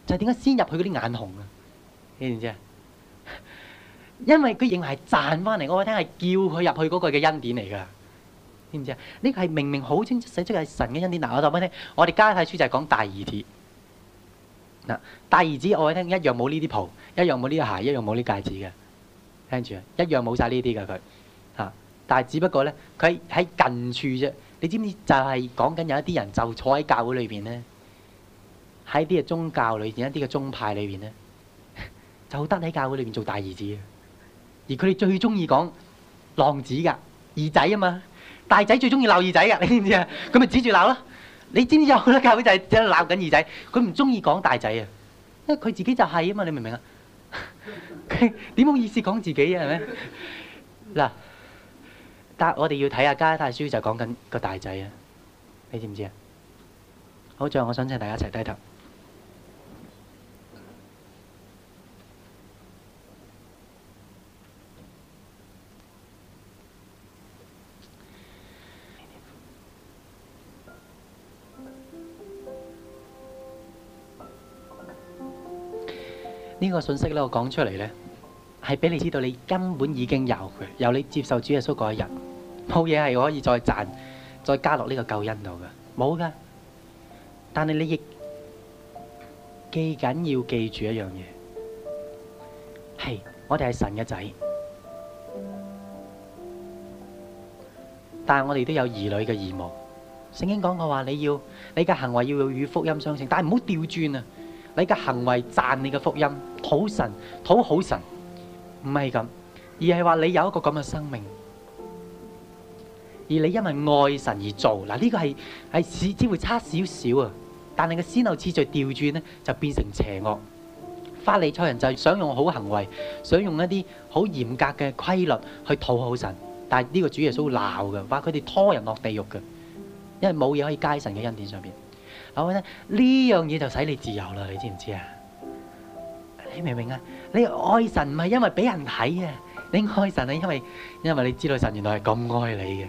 S1: 就係點解先入去嗰啲眼紅啊？知唔知啊？因為佢認為係賺翻嚟，我話聽係叫佢入去嗰個嘅恩典嚟噶，知唔知啊？呢、這個係明明好清晰寫出係神嘅恩典。嗱、啊，我就咁聽，我哋加泰書就係講第二子。嗱，大兒子我聽一樣冇呢啲袍，一樣冇呢啲鞋，一樣冇呢戒指嘅，聽住啊，一樣冇晒呢啲㗎佢嚇，但係只不過咧，佢喺近處啫。你知唔知他就係講緊有一啲人就坐喺教會裏邊咧，喺啲嘅宗教裏邊，一啲嘅宗派裏邊咧，就好得喺教會裏邊做大兒子嘅，而佢哋最中意講浪子噶，二仔啊嘛，大仔最中意鬧二仔噶，你知唔知啊？咁咪指住鬧咯。你知唔知有好多教會仔就係鬧緊二仔，佢唔中意講大仔啊，因為佢自己就係啊嘛，你明唔明啊？佢點好意思講自己啊？係咪？嗱， 但我哋要睇下《加拉太書》，就講緊個大仔啊，你知唔知啊？好，最後我想請大家一齊低頭。呢個信息咧，我講出嚟呢，係俾你知道，你根本已經有佢，由你接受主耶穌嗰一日，冇嘢係可以再賺、再加落呢個救恩度嘅，冇噶。但係你亦記緊要記住一樣嘢，係我哋係神嘅仔，但係我哋都有兒女嘅義務。聖經講過話，你要你嘅行為要用與福音相稱，但係唔好掉轉啊！你嘅行為賺你嘅福音，討神，討好神，唔係咁，而係話你有一個咁嘅生命，而你因為愛神而做，嗱、這、呢個係係只只會差少少啊，但係個先後次序調轉呢，就變成邪惡。法利賽人就係想用好行為，想用一啲好嚴格嘅規律去討好神，但係呢個主耶穌會鬧嘅，話佢哋拖人落地獄嘅，因為冇嘢可以加喺神嘅恩典上邊。我話咧，呢樣嘢就使你自由啦，你知唔知啊？你明唔明啊？你愛神唔係因為俾人睇啊，你愛神係因為因為你知道神原來係咁愛你嘅。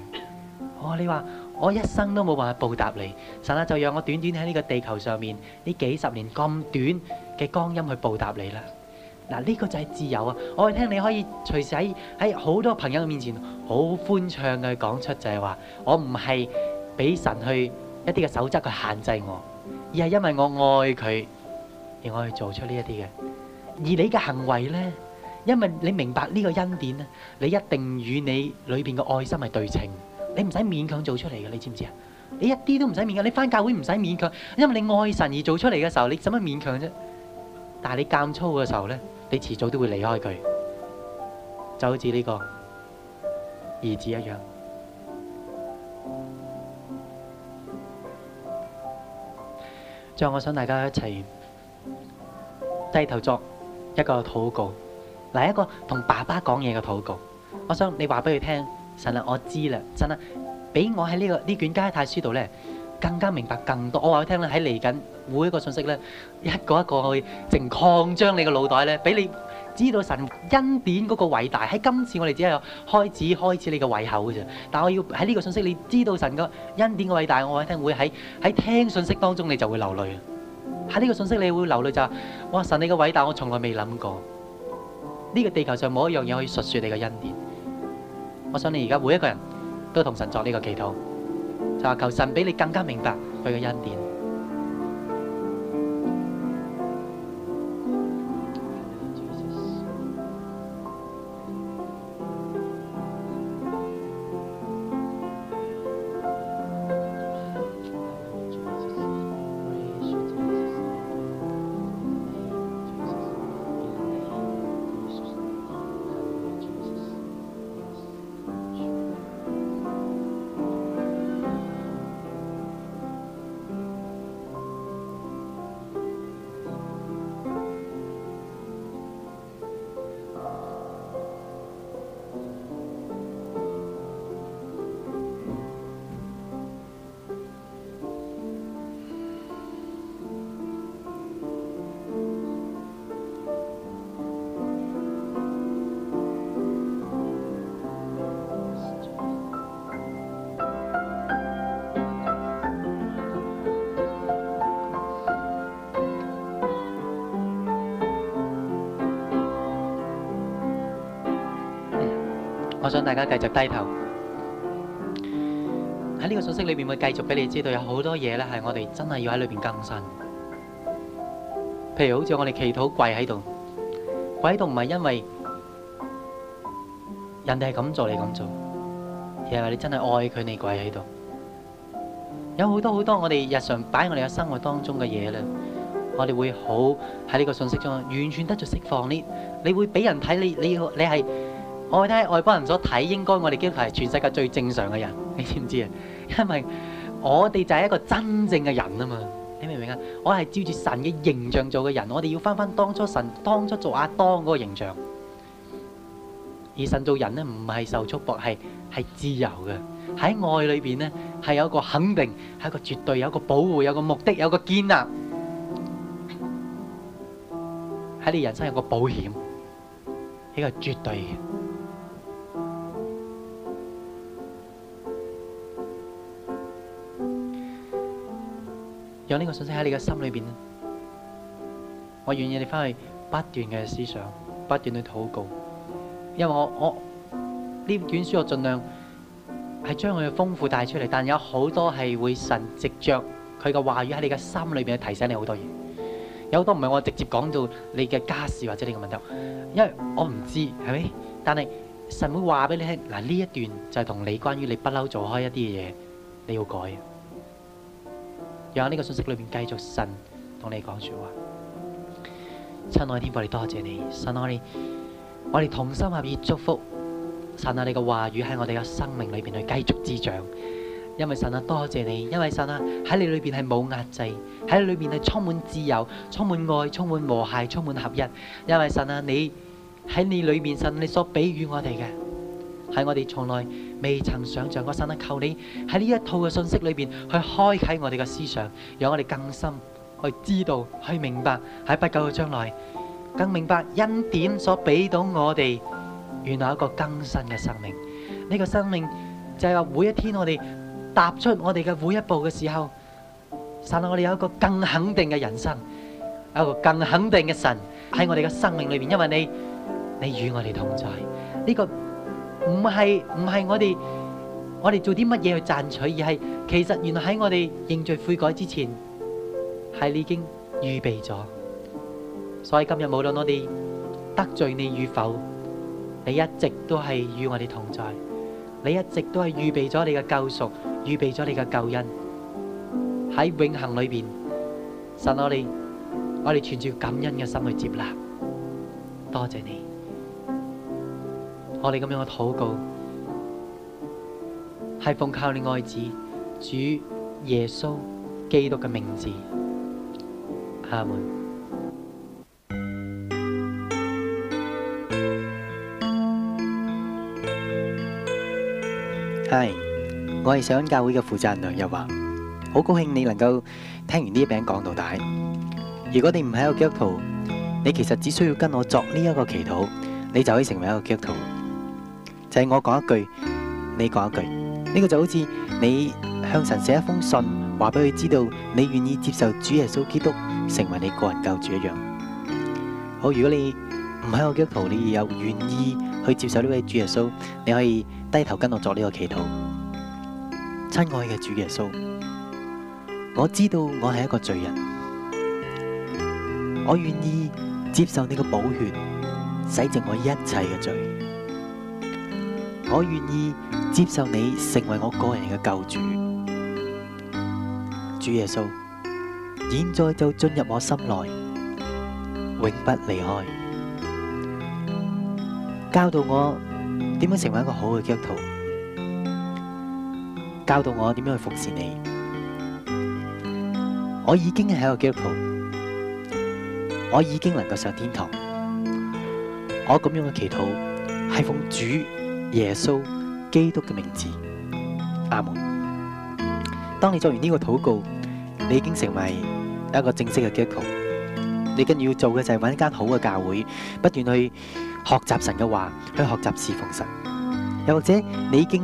S1: 我、哦、你話，我一生都冇辦法報答你，神啊就讓我短短喺呢個地球上面呢幾十年咁短嘅光陰去報答你啦。嗱，呢個就係自由啊！我聽你可以隨時喺喺好多朋友面前好歡暢嘅講出，就係、是、話我唔係俾神去。一啲嘅守則去限制我，而係因為我愛佢，而我去做出呢一啲嘅。而你嘅行為呢，因為你明白呢個恩典咧，你一定與你裏邊嘅愛心係對稱，你唔使勉強做出嚟嘅，你知唔知啊？你一啲都唔使勉強，你翻教會唔使勉強，因為你愛神而做出嚟嘅時候，你使乜勉強啫？但係你監操嘅時候呢，你遲早都會離開佢，就好似呢個兒子一樣。再，我想大家一齊低頭作一個禱告，嗱，一個同爸爸講嘢嘅禱告。我想你話俾佢聽，神啊，我知啦，神啊，俾我喺呢個呢卷加太書度咧，更加明白更多。我話佢聽啦，喺嚟緊每一個信息咧，一個一個去淨擴張你個腦袋咧，俾你。知道神恩典嗰個偉大，喺今次我哋只係開始開始你嘅胃口嘅啫。但我要喺呢個信息，你知道神嘅恩典嘅偉大，我一定會喺喺聽信息當中，你就會流淚。喺呢個信息你會流淚就話，哇！神你嘅偉大，我從來未諗過。呢個地球上冇一樣嘢可以述說你嘅恩典。我想你而家每一個人都同神作呢個祈禱，就話求神俾你更加明白佢嘅恩典。我想大家繼續低頭，喺呢個信息裏面會繼續俾你知道有好多嘢咧係我哋真係要喺裏面更新，譬如好似我哋祈禱跪喺度，跪喺度唔係因為人哋係咁做你咁做，而係話你真係愛佢，你跪喺度。有好多好多我哋日常擺我哋嘅生活當中嘅嘢咧，我哋會好喺呢個信息中完全得著釋放你，你會俾人睇你，你要你係。我睇喺外邦人所睇，應該我哋基督徒係全世界最正常嘅人，你知唔知啊？因為我哋就係一個真正嘅人啊嘛，你明唔明啊？我係照住神嘅形象做嘅人，我哋要翻返當初神當初做亞當嗰個形象。而神做人咧，唔係受束縛，係係自由嘅。喺愛裏邊咧，係有個肯定，係一個絕對，有個保護，有個目的，有個堅立。喺你人生有個保險，呢個絕對嘅。有呢個信息喺你嘅心裏邊，我願意你翻去不斷嘅思想，不斷去禱告。因為我我呢卷書我盡量係將佢嘅豐富帶出嚟，但係有好多係會神藉着佢嘅話語喺你嘅心裏邊去提醒你好多嘢。有好多唔係我直接講到你嘅家事或者你嘅問題，因為我唔知係咪。但係神會話俾你聽，嗱呢一段就係同你關於你不嬲做開一啲嘅嘢，你要改嘅。讓呢個信息裏面繼續神同你講說話。親愛天父，我哋多謝你神，愛你，我哋同心合意祝福神啊，你嘅話語喺我哋嘅生命裏邊去繼續滋長，因為神啊多謝你，因為神啊喺你裏邊係冇壓制，喺你裏邊係充滿自由、充滿愛、充滿和諧、充滿合一，因為神啊你喺你裏邊神啊，你所給予我哋嘅喺我哋從來。未曾想象嗰生得靠你喺呢一套嘅信息裏邊去開啟我哋嘅思想，讓我哋更深去知道去明白喺不久嘅將來，更明白恩典所俾到我哋，原來一個更新嘅生命。呢個生命就係話，每一天我哋踏出我哋嘅每一步嘅時候，神令我哋有一個更肯定嘅人生，有一個更肯定嘅神喺我哋嘅生命裏邊，因為你你與我哋同在呢個。唔係，唔係我哋我哋做啲乜嘢去賺取，而係其實原來喺我哋認罪悔改之前，係你已經預備咗，所以今日無論我哋得罪你與否，你一直都係與我哋同在，你一直都係預備咗你嘅救贖，預備咗你嘅救恩，喺永恒裏邊，神，我哋我哋存住感恩嘅心去接納，多謝你。我哋咁樣嘅禱告，係奉靠你愛子主耶穌基督嘅名字，阿門。Hi，我係上教會嘅負責人梁日華，好高興你能夠聽完呢一篇講道。如果你唔係一個基督徒，你其實只需要跟我作呢一個祈禱，你就可以成為一個基督徒。就係、是、我講一句，你講一句，呢、這個就好似你向神寫一封信，話俾佢知道你願意接受主耶穌基督成為你個人救主一樣。好，如果你唔喺我基督徒，你又願意去接受呢位主耶穌，你可以低頭跟我作呢個祈禱。親愛嘅主耶穌，我知道我係一個罪人，我願意接受你嘅寶血洗淨我一切嘅罪。我願意接受你成為我個人嘅救主，主耶穌，現在就進入我心內，永不離開，教導我點樣成為一個好嘅基督徒，教導我點樣去服侍你。我已經係一個基督徒，我已經能夠上天堂，我咁樣嘅祈禱係奉主耶穌基督嘅名字，阿門。當你做完呢個禱告，你已經成為一個正式嘅基督徒。你跟住要做嘅就係揾一間好嘅教會，不斷去學習神嘅話，去學習侍奉神。又或者你已經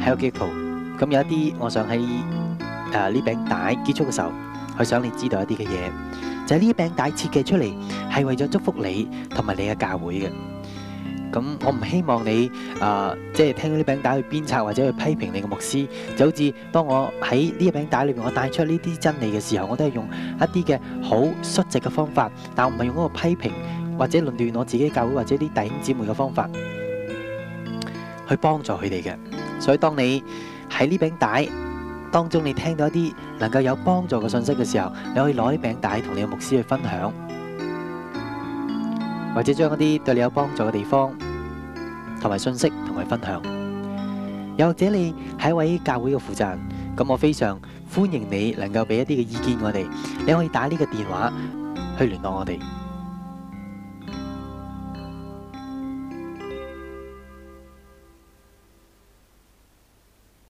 S1: 喺個基督徒，咁有一啲，我想喺誒呢餅帶結束嘅時候，我想你知道一啲嘅嘢，就係、是、呢餅帶設計出嚟係為咗祝福你同埋你嘅教會嘅。咁我唔希望你啊、呃，即係聽到啲餅帶去鞭策或者去批評你個牧師，就好似當我喺呢一餅帶裏面我帶出呢啲真理嘅時候，我都係用一啲嘅好率直嘅方法，但我唔係用嗰個批評或者論斷我自己教會或者啲弟兄姊妹嘅方法去幫助佢哋嘅。所以當你喺呢餅帶當中，你聽到一啲能夠有幫助嘅信息嘅時候，你可以攞啲餅帶同你嘅牧師去分享，或者將嗰啲對你有幫助嘅地方。同埋信息同埋分享，又或者你係一位教會嘅負責人，咁我非常歡迎你能夠俾一啲嘅意見我哋，你可以打呢個電話去聯絡我哋。